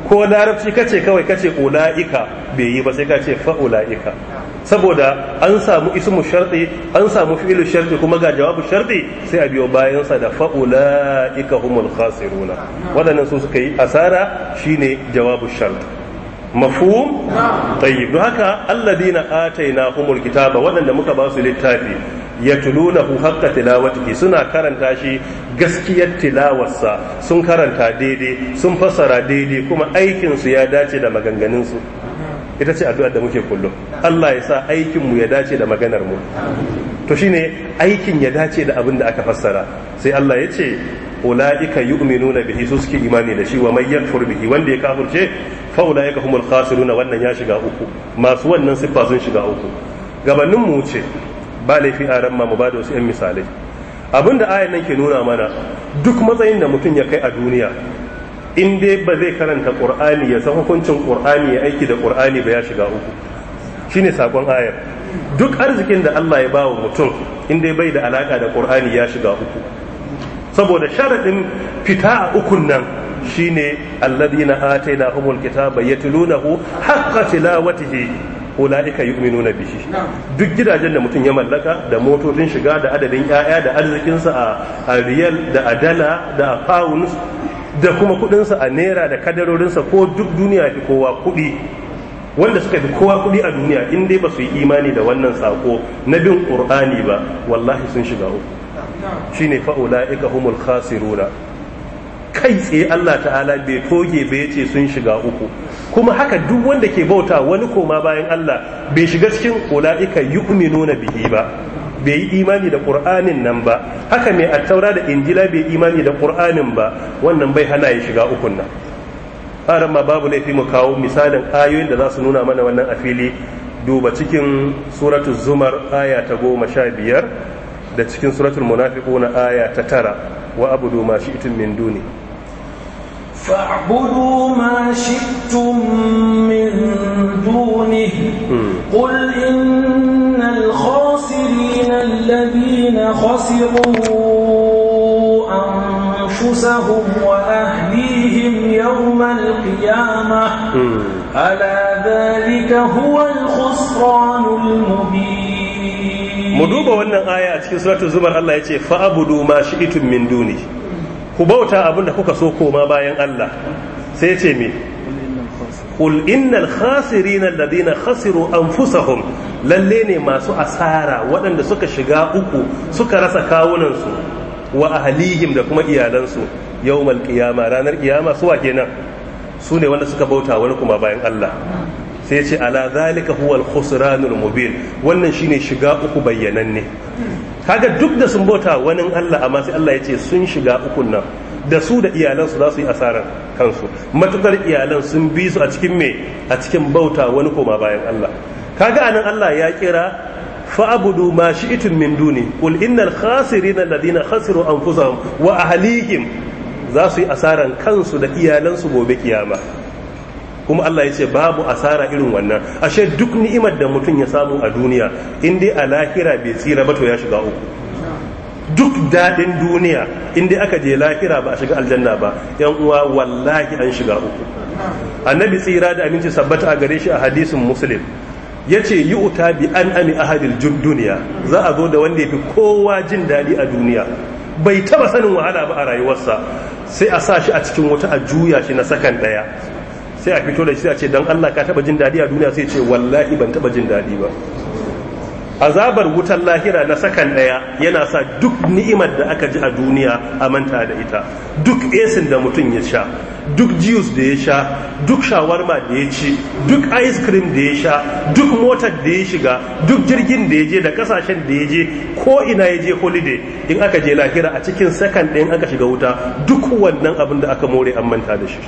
S1: ko larabci kace kawai kace ula'ika bai yi ba sai kace fa'ula'ika saboda an samu ismu sharti an samu fi'ilu sharɗi kuma ga jawabu sharɗi sai a biyo bayansa da fa'ula ika humul khasiruna waɗannan su suka yi asara shine jawabu sharɗi mafhum tayyib don haka alladina na humul kitaba waɗanda muka ba su littafi yatlunahu haqqa tilawatihi suna karanta shi gaskiyar tilawarsa sun karanta daidai sun fassara daidai kuma aikinsu ya dace da maganganun ita ce addu'ar da muke kullum Allah ya sa aikin mu ya dace da maganar mu to shine aikin ya dace da abin da aka fassara sai Allah ya ce ulaika yu'minuna bihi su suke imani da shi wa man yakfur bihi wanda ya kafirce fa ulaika humul khasiruna wannan ya shiga uku masu wannan siffa sun shiga uku gabanin mu ce ba laifi a ran mu ba da wasu 'yan misalai abin da ayan nan ke nuna mana duk matsayin da mutum ya kai a duniya in dai ba zai karanta qur'ani ya san hukuncin qur'ani ya aiki da qur'ani ba ya shiga uku ne sakon ayar duk arzikin da Allah ya bawa mutum in dai bai da alaka da qur'ani ya shiga uku saboda sharaɗin fita a ukun nan shine alladhina atayna humul kitaba yatlunahu haqqa tilawatihi ulaika yu'minuna bihi duk gidajen da mutum ya mallaka da motocin shiga da adadin 'ya'ya da arzikinsa a riyal da a dala da a pounds da kuma kudinsa a naira da kadarorinsa ko duk duniya fi kowa kudi wanda suka fi kowa kudi a duniya in dai ba su yi imani da wannan sako na bin qur'ani ba wallahi sun shiga
S2: uku
S1: shine fa ulaika humul khasiruna kai tsaye Allah ta'ala bai toge bai ce sun shiga uku kuma haka duk wanda ke bauta wani koma bayan Allah bai shiga cikin ulaika yu'minuna bihi ba bai yi imani da qur'anin nan ba haka mai attaura da injila bai imani da qur'anin ba wannan bai hana ya shiga ukun nan haram ma babu laifi mu kawo misalin ayoyin da za su nuna mana wannan a fili duba cikin suratu zumar aya ta goma sha biyar da cikin suratul na aya ta tara wa abudu ma shi'tum min duni
S3: فاعبدوا ما شئتم من دونه قل إن الخاسرين الذين خسروا أنفسهم وأهليهم يوم القيامة ألا ذلك هو الخسران المبين مدوبة
S1: وانا آية في سورة الزمر الله يتي فأبدوا ما شئتم من دوني كبوتا أبونا كوكا سوكو ما باين الله سيتي مين قل إن الخاسرين الذين خسروا أنفسهم lalle ne masu asara waɗanda suka shiga uku suka rasa kawunansu wa ahalihim da kuma iyalansu yawmal qiyama ranar qiyama su wa kenan su ne wanda suka bauta wani kuma bayan Allah sai ce ala zalika huwal khusranul mubin wannan shine shiga uku bayyananne kaga duk da sun bauta wani Allah amma sai Allah ya ce sun shiga ukun nan da su da iyalansu za su yi asarar kansu matukar iyalan sun bi su a cikin me a cikin bauta wani koma bayan Allah kaga anan Allah ya kira fa'budu ma shi'tum min duni qul innal khasirina alladhina khasaru anfusahum wa ahlihim za su yi asaran kansu da iyalansu gobe kiyama kuma Allah ya ce babu asara irin wannan ashe duk ni'imar da mutum ya samu a duniya in dai a lahira bai tsira ba to ya shiga uku duk daɗin duniya in dai aka je lahira ba a shiga aljanna ba yan uwa wallahi an shiga uku annabi tsira da aminci sabbata a gare shi a hadisin muslim ya ce yi uta bi an ami a ahadil duniya za a zo da wanda ya fi kowa jin daɗi a duniya bai taba sanin wahala ba a rayuwarsa sai a sa shi a cikin wata a juya shi na sakan ɗaya sai a fito da shi a ce don allah ka taba jin daɗi a duniya sai ce wallahi ban taba jin daɗi ba azabar wutar lahira na sakan daya yana sa duk ni'imar da aka ji a duniya a manta da ita duk esin da mutum ya sha duk juice da ya sha duk shawarma da ya ci duk ice cream da ya sha duk motar da ya shiga duk jirgin da ya je da kasashen da ya je ko ina ya je holiday in aka je lahira a cikin sakan ɗayan aka shiga wuta duk wannan abin da aka more an manta da shi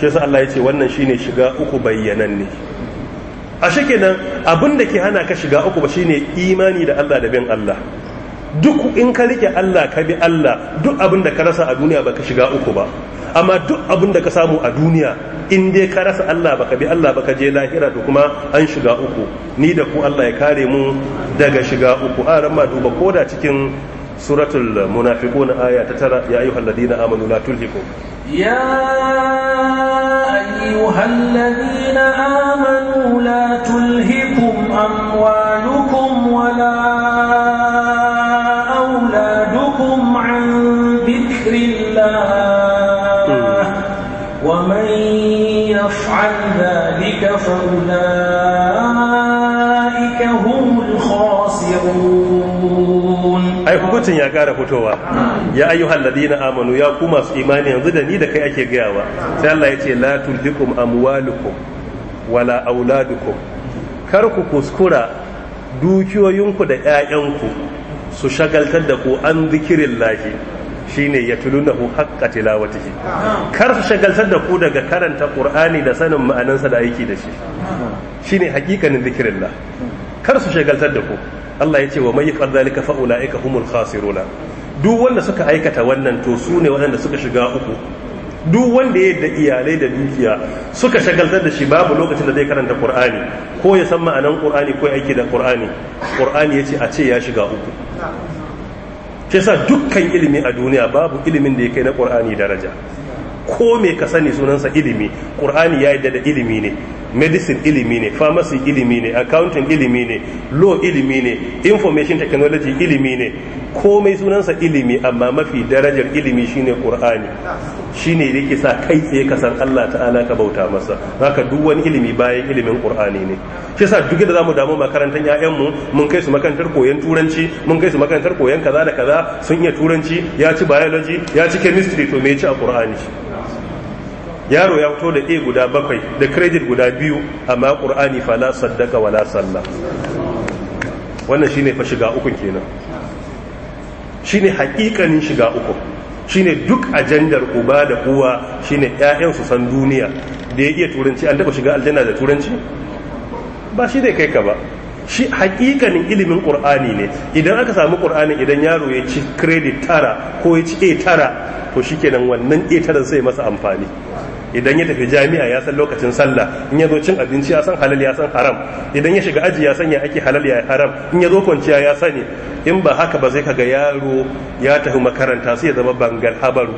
S1: shi Allah ya ce wannan shine shiga uku bayyananne a kenan abin da ke hana ka shiga uku ba shine imani da Allah da bin Allah duk in ka rike Allah ka bi Allah duk abin da ka rasa a duniya ba ka shiga uku ba amma duk abin da ka samu a duniya in dai ka rasa Allah ba ka bi Allah ba ka je lahira to kuma an shiga uku ni da ku Allah ya kare mu daga shiga uku a ran ma duba da cikin سورة المنافقون آية ترى يا أيها الذين آمنوا لا تلهكم
S3: يا أيها الذين آمنوا لا تلهكم أموالكم ولا أولادكم عن ذكر الله ومن يفعل ذلك فأولئك
S1: hukuncin ya ƙara fitowa ya ayu na amanu ya ku masu imani yanzu da ni da kai ake gayawa sai Allah ya ce la tulhikum amwalukum wala auladukum kar ku kuskura dukiyoyinku da ƴaƴanku su shagaltar da ku an zikirin lahi shine ya hu haqqa tilawatihi kar su shagaltar da ku daga karanta qur'ani da sanin ma'anansa da aiki da shi shine hakikanin zikirin lahi kar su shagaltar da ku Allah ya ce wa mai yafal zalika fa ulaika humul khasiruna duk wanda suka aikata wannan to su ne waɗanda suka shiga uku duk wanda ya da iyalai da dukiya suka shagaltar da shi babu lokacin da zai karanta qur'ani ko ya san ma'anan qur'ani ko aiki da qur'ani qur'ani ce a ce ya shiga uku sa dukkan ilimi a duniya babu ilimin da ya kai na qur'ani daraja ko me ka sani sunansa ilimi qur'ani ya yi da ilimi ne medicine ilimi ne pharmacy ilimi ne accounting ilimi ne law ilimi ne information technology ilimi ne komai sunansa ilimi amma mafi darajar ilimi shine qur'ani shine ne yake sa kai tsaye ka san Allah ta'ala ka bauta masa haka duk wani ilimi bayan ilimin qur'ani ne shi yasa duk da mu damu makarantar ƴaƴanmu mun kai su makarantar koyon turanci mun kai su makarantar koyon kaza da kaza sun iya turanci ya ci biology ya ci chemistry to me ya ci a qur'ani yaro ya fito da a guda bakwai da credit guda biyu amma qur'ani fa la saddaka wala salla wannan shine fa shiga ukun kenan shine hakikanin shiga ukun shine duk ajandar uba da uwa shine ƴaƴan su san duniya da ya iya turanci an taba shiga aljanna da turanci ba shi dai kai ka ba shi hakikanin ilimin qur'ani ne idan aka samu qur'ani idan yaro ya ci credit tara ko ya ci a tara to shikenan wannan a tara sai masa amfani idan ya tafi jami'a ya san lokacin sallah in ya zo cin abinci ya san halal ya san haram idan ya shiga aji ya san ya ake halal ya haram in ya zo kwanciya ya sani in ba haka ba zai kaga yaro ya tafi makaranta sai ya zama bangal habaru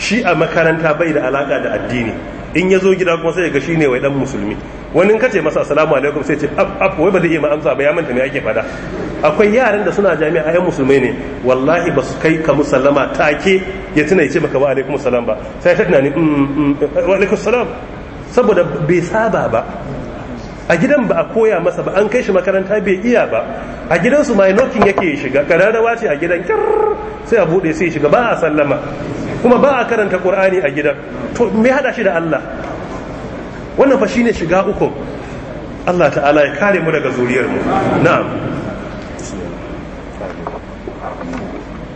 S1: shi a makaranta bai da alaka da addini in ya zo gida kuma sai ga shi ne wai dan musulmi wani ka ce masa assalamu alaikum sai ce ab wai ba zai iya amsa ba ya manta me ake fada akwai yaran da suna jami'a ayan musulmai ne wallahi ba su kai ka musallama take ya tuna ya ce maka wa alaikum salam ba sai ta tunani mm, mm, eh, wa alaikum salam saboda bai saba ba a gidan ba a koya masa ba an kai shi makaranta bai iya ba a gidansu mai nokin yake shiga kararrawa ce a gidan kyar sai a bude sai shiga ba a sallama kuma ba a karanta ƙur'ani a gidan to me haɗa shi da Allah wannan fa shine shiga uku Allah ta'ala ya kare mu daga zuriyar mu na'am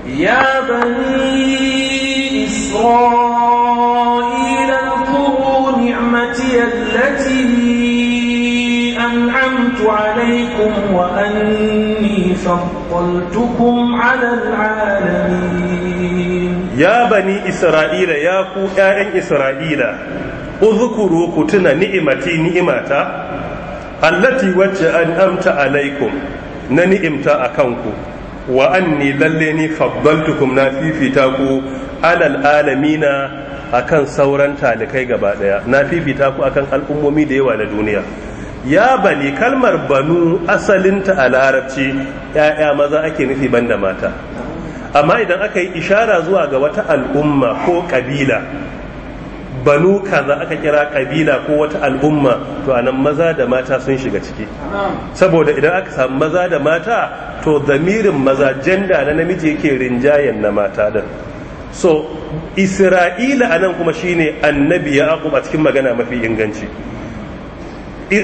S3: ya bani isra'ila اذكروا نعمتي alaikum أنعمت عليكم وأني فضلتكم على العالمين
S1: ya bani isra'ila ya ku ƴaƴan isra'ila uzkuru ku tuna ni'imati ni'imata allati wacce an amta alaikum na ni'imta a kanku wa anni lalle ni faddaltukum na fifita ku alal alamina akan sauran talikai gaba daya na fifita ku akan al'ummomi da yawa na duniya ya bani kalmar banu asalinta a larabci ya'ya maza ake nufi banda mata amma idan aka yi ishara zuwa ga wata al'umma ko kabila banu kaza aka kira kabila ko wata al'umma to anan maza da mata sun shiga ciki saboda idan aka samu maza da mata to zamirin maza janda na namiji yake rinjayen na mata din so isra'ila anan kuma shine annabi ya a cikin magana mafi inganci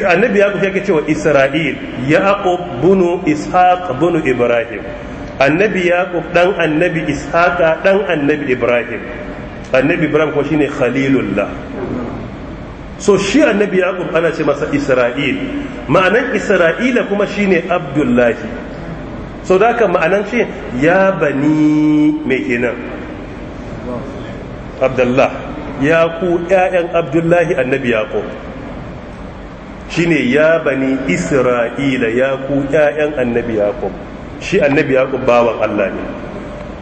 S1: annabi ya yake cewa isra'il ya bunu ishaq bunu ibrahim annabi yaqub dan annabi ishaqa dan annabi ibrahim annabi ibrahim ko shine khalilullah so shi annabi yaqub ana ce masa isra'il ma'anan isra'ila kuma shine abdullahi so da haka ma'anan ce ya bani me kenan abdullah ya ku ƴaƴan abdullahi annabi yaqub shine ya bani isra'ila ya ku ƴaƴan annabi yaqub shi annabi yaqub bawan Allah ne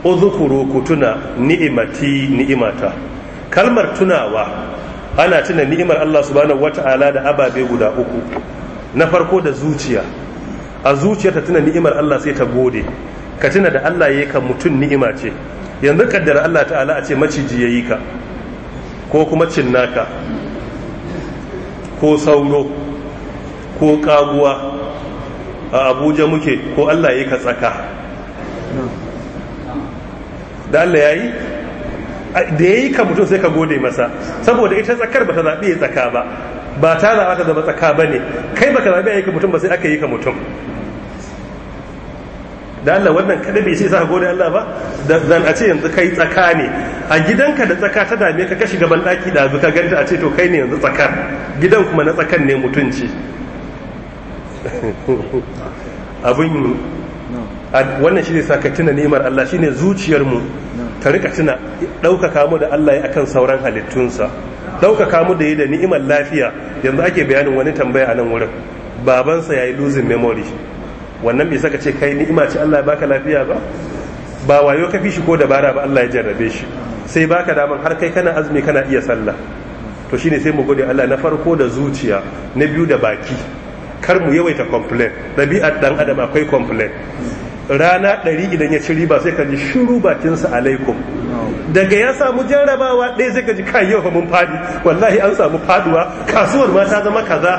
S1: Uzukuru ku tuna ni'imati ni'imata kalmar tunawa ana tuna ni'imar Allah su subhanahu wata'ala da ababe guda uku na farko da zuciya a zuciya ta tuna ni'imar Allah sai ta gode ka tuna da Allah yayi ka mutun ni'ima ce yanzu kaddara Allah ta'ala a ce maciji yayi ka ko kuma cinnaka ko sauro ko kaguwa a abuja muke ko allah ya yi ka tsaka da allah ya yi da ya yi ka mutum sai ka gode masa saboda ita tsakar ba ta zaɓi ya tsaka ba ba ta zaɓa ta zama tsaka ba ne kai ba ka zaɓi a yi mutum ba sai aka yi ka mutum da Allah wannan kada bai sai sa gode Allah ba dan a ce yanzu kai tsaka ne a gidanka da tsaka ta dame ka kashi gaban ɗaki da ka ganta a ce to kai ne yanzu tsakar. gidan kuma na tsakan ne mutunci abin wannan shi ne sa ka tuna nemar Allah shi ne zuciyarmu ta rika tuna ɗaukaka mu da Allah ya akan sauran halittunsa ɗaukaka mu da yi da ni'imar lafiya yanzu ake bayanin wani tambaya a nan wurin babansa ya yi losing memory wannan bai saka ce kai ni'ima ce Allah ya baka lafiya ba ba wayo ka fi shi ko dabara ba Allah ya jarrabe shi sai baka daman har kai kana azumi kana iya sallah to shine sai mu gode Allah na farko da zuciya na biyu da baki kar mu yawaita complain ɗabi'ar ɗan adam akwai complain rana ɗari idan ya ci riba sai ka ji shuru bakinsa alaikum daga ya samu jarabawa ɗaya sai ka ji kai yau mun fadi wallahi an samu faduwa kasuwar ma ta zama kaza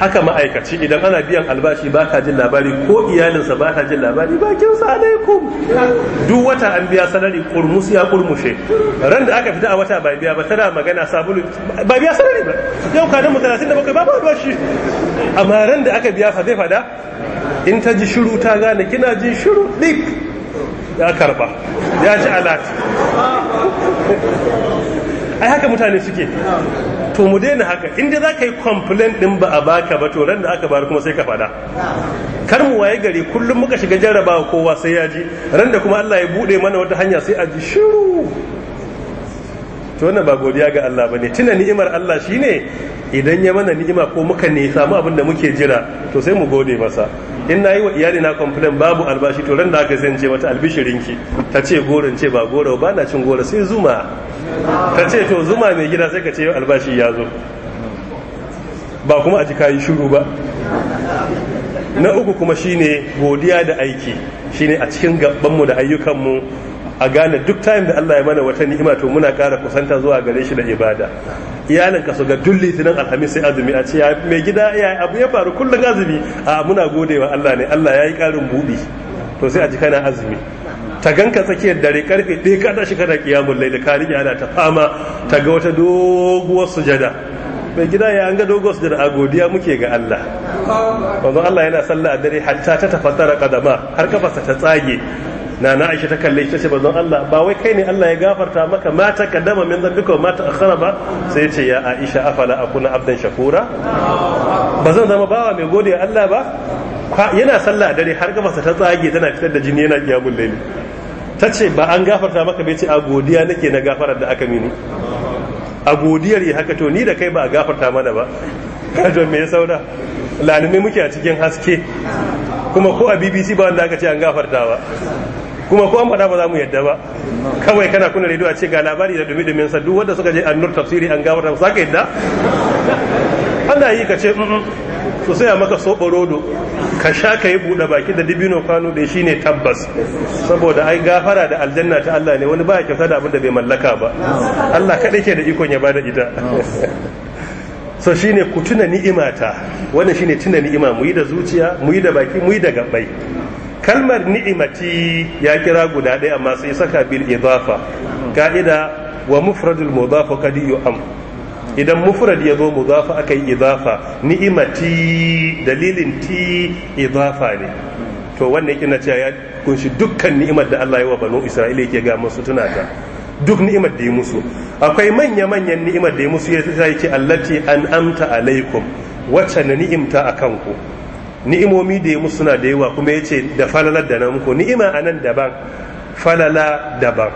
S1: haka ma'aikaci idan ana biyan albashi ba ka jin labari ko iyalinsa ba ta jin labari bakin sa alaikum duk wata an biya salari kurmus ya kurmushe ran da aka fita a wata ba biya ba tana magana sabulu ba biya salari ba yau ka nan mutane da bakwai babu albashi amma ran da aka biya fa zai fada in ta ji shiru ta gane kina jin shiru dik ya karba ya ji alat ai haka mutane suke to mu daina haka inda za ka yi complain din ba a baka ba to ran da aka bari kuma sai ka fada kar mu waye gari kullum muka shiga jarrabawa kowa sai ya ji ran da kuma Allah ya bude mana wata hanya sai a ji shiru to wannan ba godiya ga Allah bane tunda ni'imar Allah shine idan ya mana ni'ima ko muka ne samu abin da muke jira to sai mu gode masa in nayi wa iyali na complain babu albashi to ran da aka sai mata albishirinki ta ce goron ce ba goro ba na cin goro sai zuma ta ce to zuma mai gida sai ka ce albashi ya zo ba kuma a ji kayi shiru ba na uku kuma shine godiya da aiki shine a cikin gabanmu da ayyukanmu a gane duk time da Allah ya mana wata ni'ima to muna ƙara kusanta zuwa gare shi da ibada iyalin ka su ga dulli litinin alhamis sai azumi a ce mai gida ya abu ya faru kullum azumi a muna godewa Allah ne Allah ya yi ƙarin buɗi to sai a ji kana azumi ta ganka tsakiyar dare karfe ɗaya ka shi kana kiyamun laila ka riƙe ana ta fama ta ga wata doguwar sujada mai gida ya an ga dogon sujada a godiya muke ga Allah wanzu Allah yana sallah a dare hatta ta tafattara kadama har kafasa ta tsage na na aisha ta kalle ta ce bazan Allah ba wai kai ne Allah ya gafarta maka ma ta kaddama min zambika ma ta akhara ba sai ce ya aisha afala akuna abdan shakura bazan zama bawa mai gode Allah ba yana sallah dare har gabansa ta tsage tana fitar da jini yana kiyamul layli ta ce ba an gafarta maka bai ce a godiya nake na gafarar da aka mini a godiyar yi haka to ni da kai ba a gafarta mana ba kajon me ya saura lanime muke a cikin haske kuma ko a bbc ba wanda aka ce an gafarta ba kuma ko an faɗa ba za mu yadda ba kawai kana kuna rediyo a ce ga labari da dumi dumin sadu duk wanda suka je annur tafsiri an gawar da saka yadda ana yi ka ce su sai a maka soɓo rodo ka sha ka yi buɗe baki da dibino kwano da shi tabbas saboda ai gafara da aljanna ta Allah ne wani ba ya kyauta da abin da bai mallaka ba Allah kaɗai ke da ikon ya bada ita so shine ku tuna ni'imata wannan shine tuna ni'ima mu yi da zuciya mu yi da baki mu yi da gabbai kalmar ni'imati ya kira guda ɗaya amma sai saka bil idafa ka'ida wa mufradul mudafa kad yu'am idan mufrad yazo zo mudafa akai idafa ni'imati dalilin ti idafa ne to wannan yake na cewa ya kunshi dukkan ni'imar da Allah ya wa banu Isra'ila yake ga musu tuna ta duk ni'imar da ya musu akwai manya-manyan ni'imar da ya musu ya ce allati an amta alaikum wacce na ni'imta a kanku ni'imomi da ya musu suna da yawa kuma ya ce da falalar da na muku ni'ima a nan daban falala daban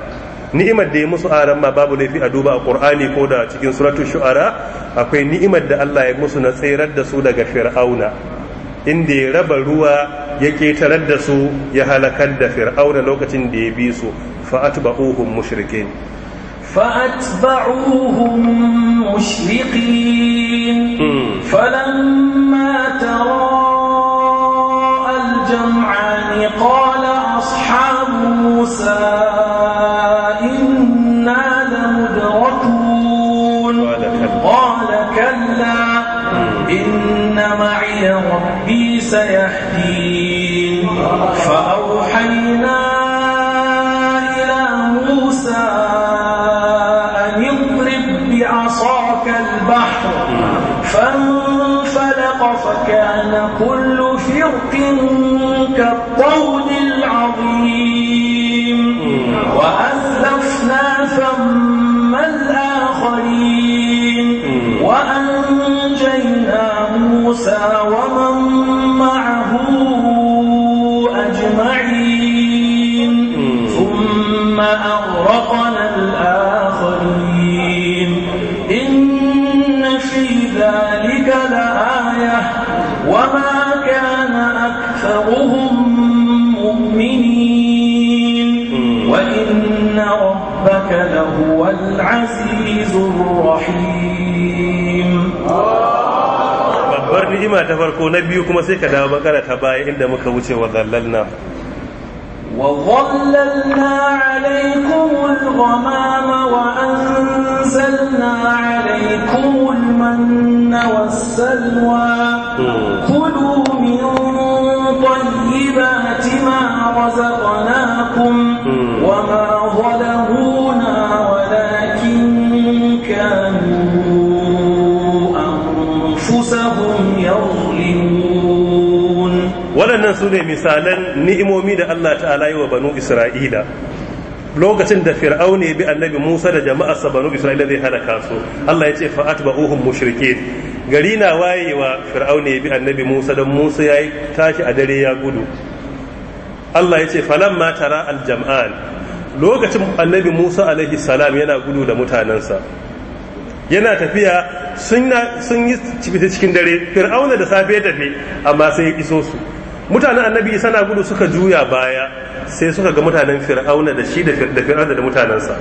S1: ni'imar da ya musu aran ma babu laifi a duba a qur'ani ko da cikin suratu shu'ara akwai ni'imar da Allah ya musu na tserar da su daga fir'auna inda ya raba ruwa ya ketarar da su ya halakar da fir'auna lokacin da ya bi su fa mushrikin
S3: فأتبعوهم مشرقين فلما ترى موسى إنا لمدركون قال كلا إن معي ربي سيهدين العزيز الرحيم
S1: babbar ni'ima ta farko na biyu kuma sai ka dawo magana ta baya inda muka wuce wa zallalna
S3: وظللنا عليكم الغمام وأنزلنا عليكم المن والسلوى كلوا من
S1: su ne misalan ni'imomi da Allah ta'ala yi wa banu Isra'ila lokacin da fir'aun ya bi annabi Musa da jama'ar sa banu Isra'ila zai halaka su Allah ya ce fa atba'uhum mushrikeen gari na wayewa fir'aun ya bi annabi Musa dan Musa yayi tashi a dare ya gudu Allah ya ce falamma tara al-jam'an lokacin annabi Musa alaihi salam yana gudu da mutanansa yana tafiya sun yi cikin dare fir'auna da safe ya tafi amma sai ya iso su mutanen annabi sana gudu suka juya baya sai suka ga mutanen fir'auna da shi da fir'auna da mutanensa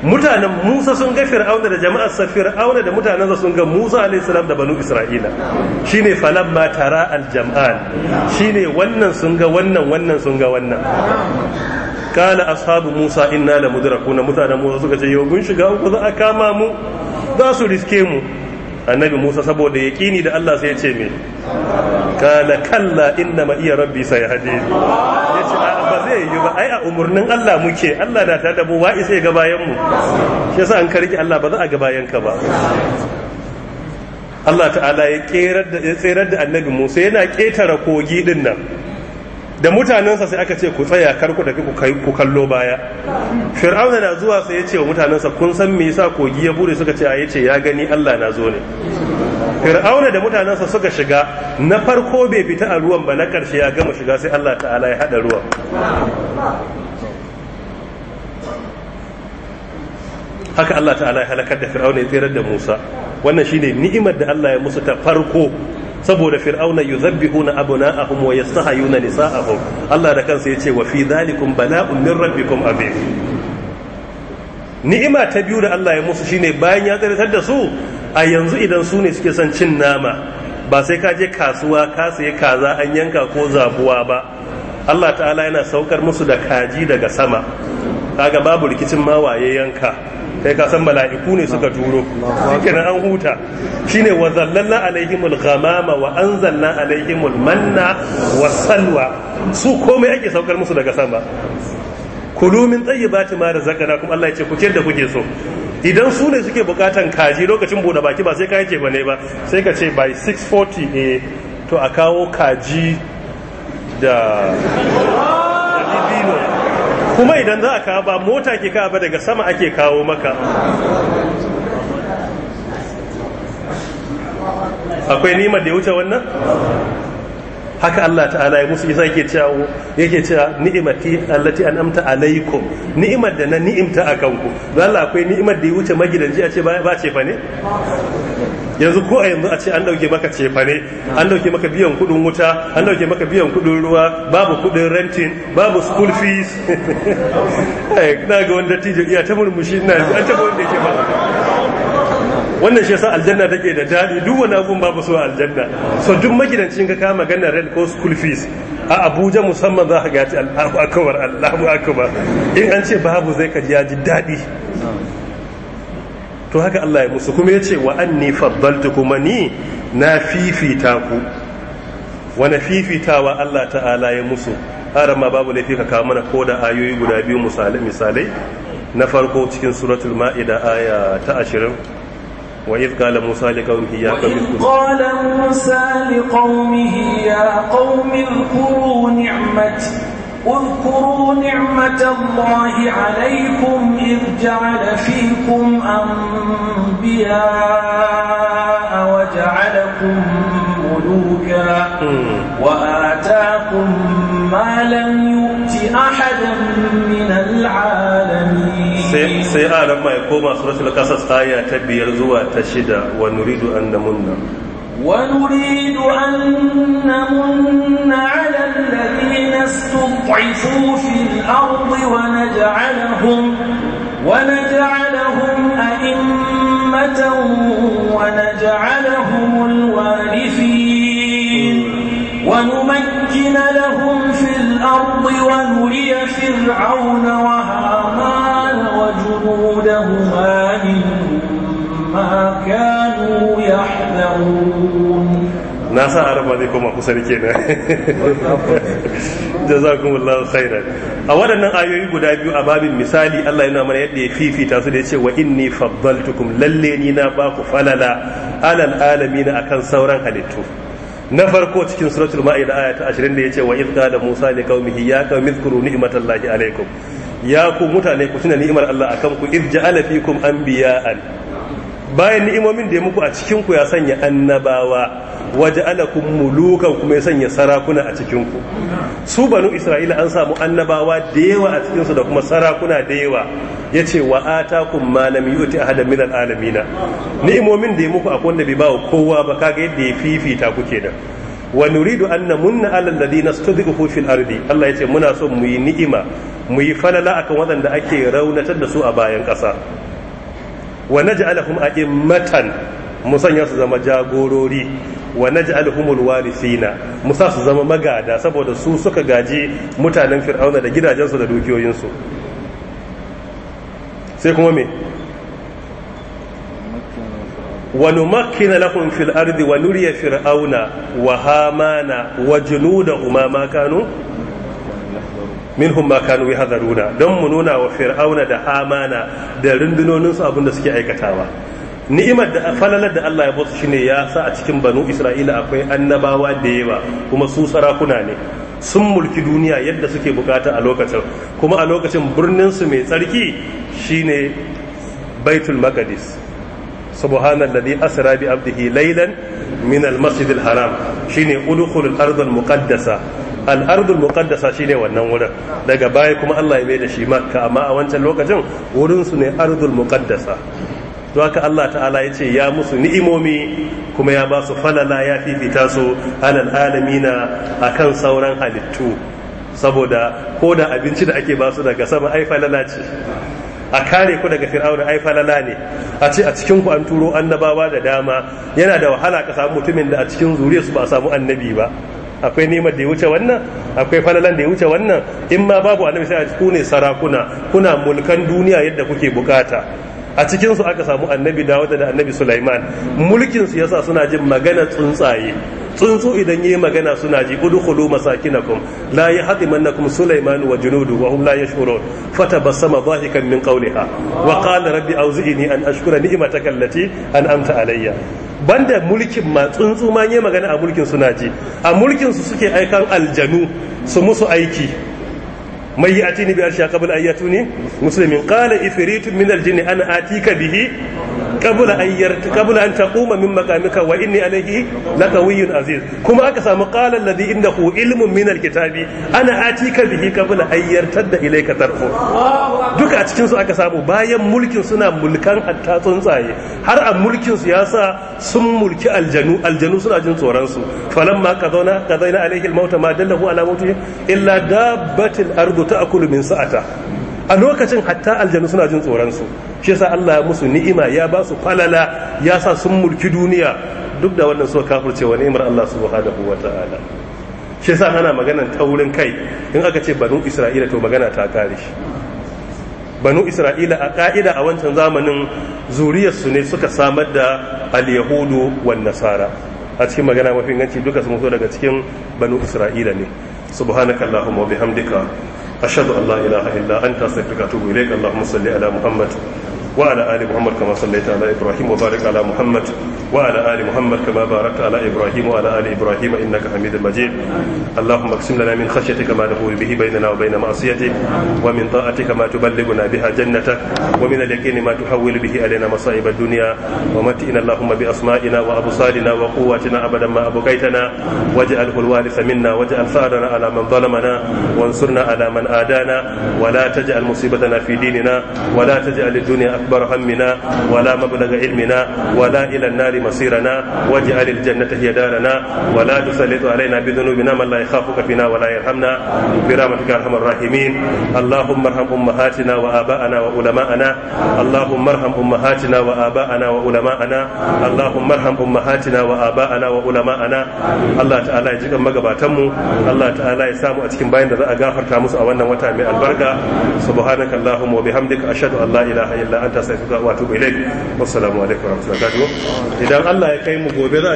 S1: mutanen musa sun ga fir'auna da jama'arsa fir'auna da mutanensa sun ga musa alaihissalam da banu isra'ila shine ma tara aljam'an shine wannan sun ga wannan wannan sun ga wannan kala ashabu musa inna la mudrakuna mutanen musa suka ce yau mun shiga uku za a kama mu za su riske mu annabi musa saboda ya kini da allah sai ya ce me kala kalla inna ma iya rabbi sai hade
S2: ya
S1: ce ba zai yi ba ai a umarnin allah muke allah na ta dabo wa isa ya ga bayan mu shi yasa an karki allah ba za a ga bayan ka ba Allah ta'ala ya tserar da annabi Musa yana ƙetare kogi din nan da mutanensa sai aka ce ku tsaya kar ku tafi ku kallo baya fir'auna na zuwa sai ya ce wa mutanensa kun san me yasa kogi ya bude suka ce a yace ya gani Allah na zo ne fir'auna da mutanensa suka shiga na farko bai fita a ruwan ba na karshe ya gama shiga sai Allah ta'ala ya hada ruwan haka Allah ta'ala ya halakar da fir'auna ya tsirar da Musa wannan shine ni'imar da Allah ya musu ta farko saboda fir'auna yuzabbihuna abna'ahum wa yastahayuna nisa'ahum Allah da kansa yace wa fi zalikum bala'un min rabbikum azim ni'ima ta biyu da Allah ya musu shine bayan ya tsaratar da su a yanzu idan su ne suke son cin nama ba sai ka je kasuwa ka sayi kaza an yanka ko zabuwa ba Allah ta'ala yana saukar musu da kaji daga sama kaga babu rikicin ma waye yanka kai ka san mala'iku ne suka turo ne an huta shine wa zallalla alaihimul ghamama wa anzalna alaihimul manna wa salwa su komai ake saukar musu daga sama kulu min tayyibati ma razaqana kuma Allah ya ce ku ce da kuke so idan su ne suke bukatan kaji lokacin bude baki ba sai ka yake ba ne ba sai ka ce by 640 to a kawo kaji da kuma idan za a kawo ba mota ke kawo ba daga sama ake kawo maka akwai nima da ya wuce wannan haka Allah ta'ala ya musu isa yake cewa yake cewa ni'imati allati an'amta alaikum ni'imar da na ni'imta akan ku Allah akwai ni'imar da ya wuce magidanci a ce ba ce fa ne yanzu ko a yanzu a ce an dauke maka cefane an dauke maka biyan kudin wuta an dauke maka biyan kudin ruwa babu kudin rentin babu school fees na ga wanda tijo iya ta murmushi na an taba wanda yake ba wannan shi yasa aljanna take da dadi duk wani abun babu so aljanna so duk magidancin ka kama magana rent ko school fees a Abuja musamman za ka gaci Allahu akbar Allahu akbar in an ce babu zai ka ji dadi to haka Allah ya musu kuma ya ce wa anni faddaltu kuma ni na fifita ku wani fifitawa Allah ta'ala ya musu arama ma babu laifi ka kawo mana ko da ayoyi guda biyu misalai misalai na farko cikin suratul ma'ida aya ta ashirin وإذ قال موسى لقومه يا قوم قال
S3: موسى لقومه ya قوم اذكروا نعمتي واذكروا نعمة الله عليكم إذ جعل فيكم أنبياء وجعلكم ملوكا وآتاكم ما لم يؤت أحدا من العالمين
S1: سيئة لما يقوم سورة القصص آية تبير زوى تشدى ونريد أن نمنّ
S3: ونريد أن نمن على الذين استضعفوا في الأرض ونجعلهم, ونجعلهم أئمة ونجعلهم الوارثين ونمكن لهم في الأرض ونري فرعون وهامان وجنودهما منهم عما كانوا يحذرون
S1: ناسا عرب عليكم أكو سركينا جزاكم الله خيرا أولا آيوي قد أبيو أباب المثال الله ينام يدي في في تاسو دي وإني فضلتكم لليني ناباكو فللا على العالمين أكن سورا na farko cikin suratul ma'ida aya ta 20 da yace wa idh da musa li qaumihi ya qaumi dhkuru ni'matallahi alaykum ya ku mutane ku tuna ni'imar Allah akan ku idh ja'ala fikum anbiya'an bayan ni'imomin da ya muku a cikinku ya sanya annabawa waje alakun mulukan kuma ya sanya sarakuna a cikinku. su banu isra'ila an samu annabawa da yawa a cikinsu da kuma sarakuna da yawa ya ce wa kun ma lam a hada minan alamina? ni'imomin da ya muku akwai wanda bai ba kowa ba kaga yadda ya fifita ku da? wa nuridu an na munna alal ladina studhifu fil ardi Allah ya ce muna so mu yi ni'ima mu yi falala akan waɗanda ake raunatar da su a bayan ƙasa wa naj'alahum a mu sanya su zama jagorori wa naj'alhumul alhumul mu sa su zama magada saboda su suka gaji mutanen fir'auna da gidajensu da dukiyoyinsu sai kuma me wa numakkina lahum fil ardi wa nuriya fir'auna wa hamana wa junuda umama kanu minhum ma kanu yahzaruna don mu nuna wa fir'auna da amana da rundunonin su abin da suke aikatawa ni'imar da falalar da Allah ya basu ne ya sa a cikin banu Isra'ila akwai annabawa da yawa kuma su sarakuna ne sun mulki duniya yadda suke bukata a lokacin kuma a lokacin birnin su mai tsarki shine Baitul Maqdis subhanalladhi asra bi abdihi laylan min al-masjidil haram shine udkhulul ardh al-muqaddasa al'ardul muqaddasa shine wannan wurin daga baya kuma Allah ya bai da shi makka amma a wancan lokacin wurin su ne ardul muqaddasa to haka Allah ta'ala ya ce ya musu ni'imomi kuma ya ba su falala ya fifita su halal alamina kan sauran halittu saboda ko da abinci da ake ba su daga sama ai falala ce a kare ku daga fir'auna ai falala ne a ce a cikin ku an turo annabawa da dama yana da wahala ka samu mutumin da a cikin zuriyarsu ba a samu annabi ba akwai nimar da ya wuce wannan akwai falalan da ya wuce wannan in ma babu annabi sai ku ne sarakuna kuna mulkan duniya yadda kuke bukata a cikin su aka samu annabi dawuda da annabi sulaiman mulkin su yasa suna jin magana tsuntsaye tsuntsu idan yi magana suna ji udkhulu masakinakum la yahdimannakum sulaiman wa junudu wa hum la yashurun fatabassama dhahikan min qawliha wa qala rabbi awzi'ni an ashkura ni'mataka an an'amta alayya banda mulkin ma tsuntsu ma yi magana a mulkin suna ji a mulkin su suke aikan aljanu su musu aiki mai yi atini bi arsha qabla an yatuni muslimin qala ifritun min aljinni ana atika bihi qabla an yarta an taquma min maqamika wa inni alayhi laqawiyyun aziz kuma aka samu qala alladhi indahu ilmun min alkitabi ana atika bihi qabla an da ilayka tarfu duka a cikin su aka samu bayan mulkin suna mulkan hatta tsuntsaye har a mulkin su sa sun mulki aljanu aljanu suna jin tsoron su falamma qadana qadayna alayhi almauta ma dallahu ala mawtihi illa dabbatil ardu ta'kulu min sa'ata a lokacin hatta aljanu suna jin tsoron su shi yasa Allah ya musu ni'ima ya ba su falala ya sa sun mulki duniya duk da wannan suka kafirce wa ni'imar Allah subhanahu wataala shi yasa ana ta taurin kai in aka ce banu Isra'ila to magana ta kare shi banu Isra'ila a ka'ida a wancan zamanin zuriyar su ne suka samar da al-yahudu wan nasara a cikin magana mafi inganci duka sun so daga cikin banu Isra'ila ne subhanakallahumma wa bihamdika ashhadu allah la ilaha illa anta astaghfiruka wa atubu ilaik allahumma salli ala muhammad وعلى آل محمد كما صليت على إبراهيم وبارك على محمد وعلى آل محمد كما باركت على إبراهيم وعلى آل إبراهيم إنك حميد مجيد اللهم اقسم لنا من خشيتك ما تقول به بيننا وبين معصيتك ومن طاعتك ما تبلغنا بها جنتك ومن اليقين ما تحول به علينا مصائب الدنيا ومتئنا اللهم بأسمائنا وأبصارنا وقواتنا أبدا ما أبقيتنا واجعله الوارث منا واجعل ثارنا على من ظلمنا وانصرنا على من آدانا ولا تجعل مصيبتنا في ديننا ولا تجعل الدنيا أكبر همنا ولا مبلغ علمنا ولا إلى النار مصيرنا واجعل الجنة هي دارنا ولا تسلط علينا بذنوبنا من لا يخافك فينا ولا يرحمنا برحمتك أرحم الراحمين اللهم ارحم أمهاتنا وآباءنا وعلماءنا اللهم ارحم أمهاتنا وآباءنا وعلماءنا اللهم ارحم أمهاتنا وآباءنا وعلماءنا الله تعالى يجزيك magabatanmu Allah ta'ala ya samu a cikin bayan da za a gafarta musu a wannan wata mai albarka subhanakallahumma wa bihamdika ashhadu an la ilaha illa anta ta astaghfiruka wa atubu ilaik wassalamu alaikum wa rahmatullahi idan Allah ya kai mu gobe za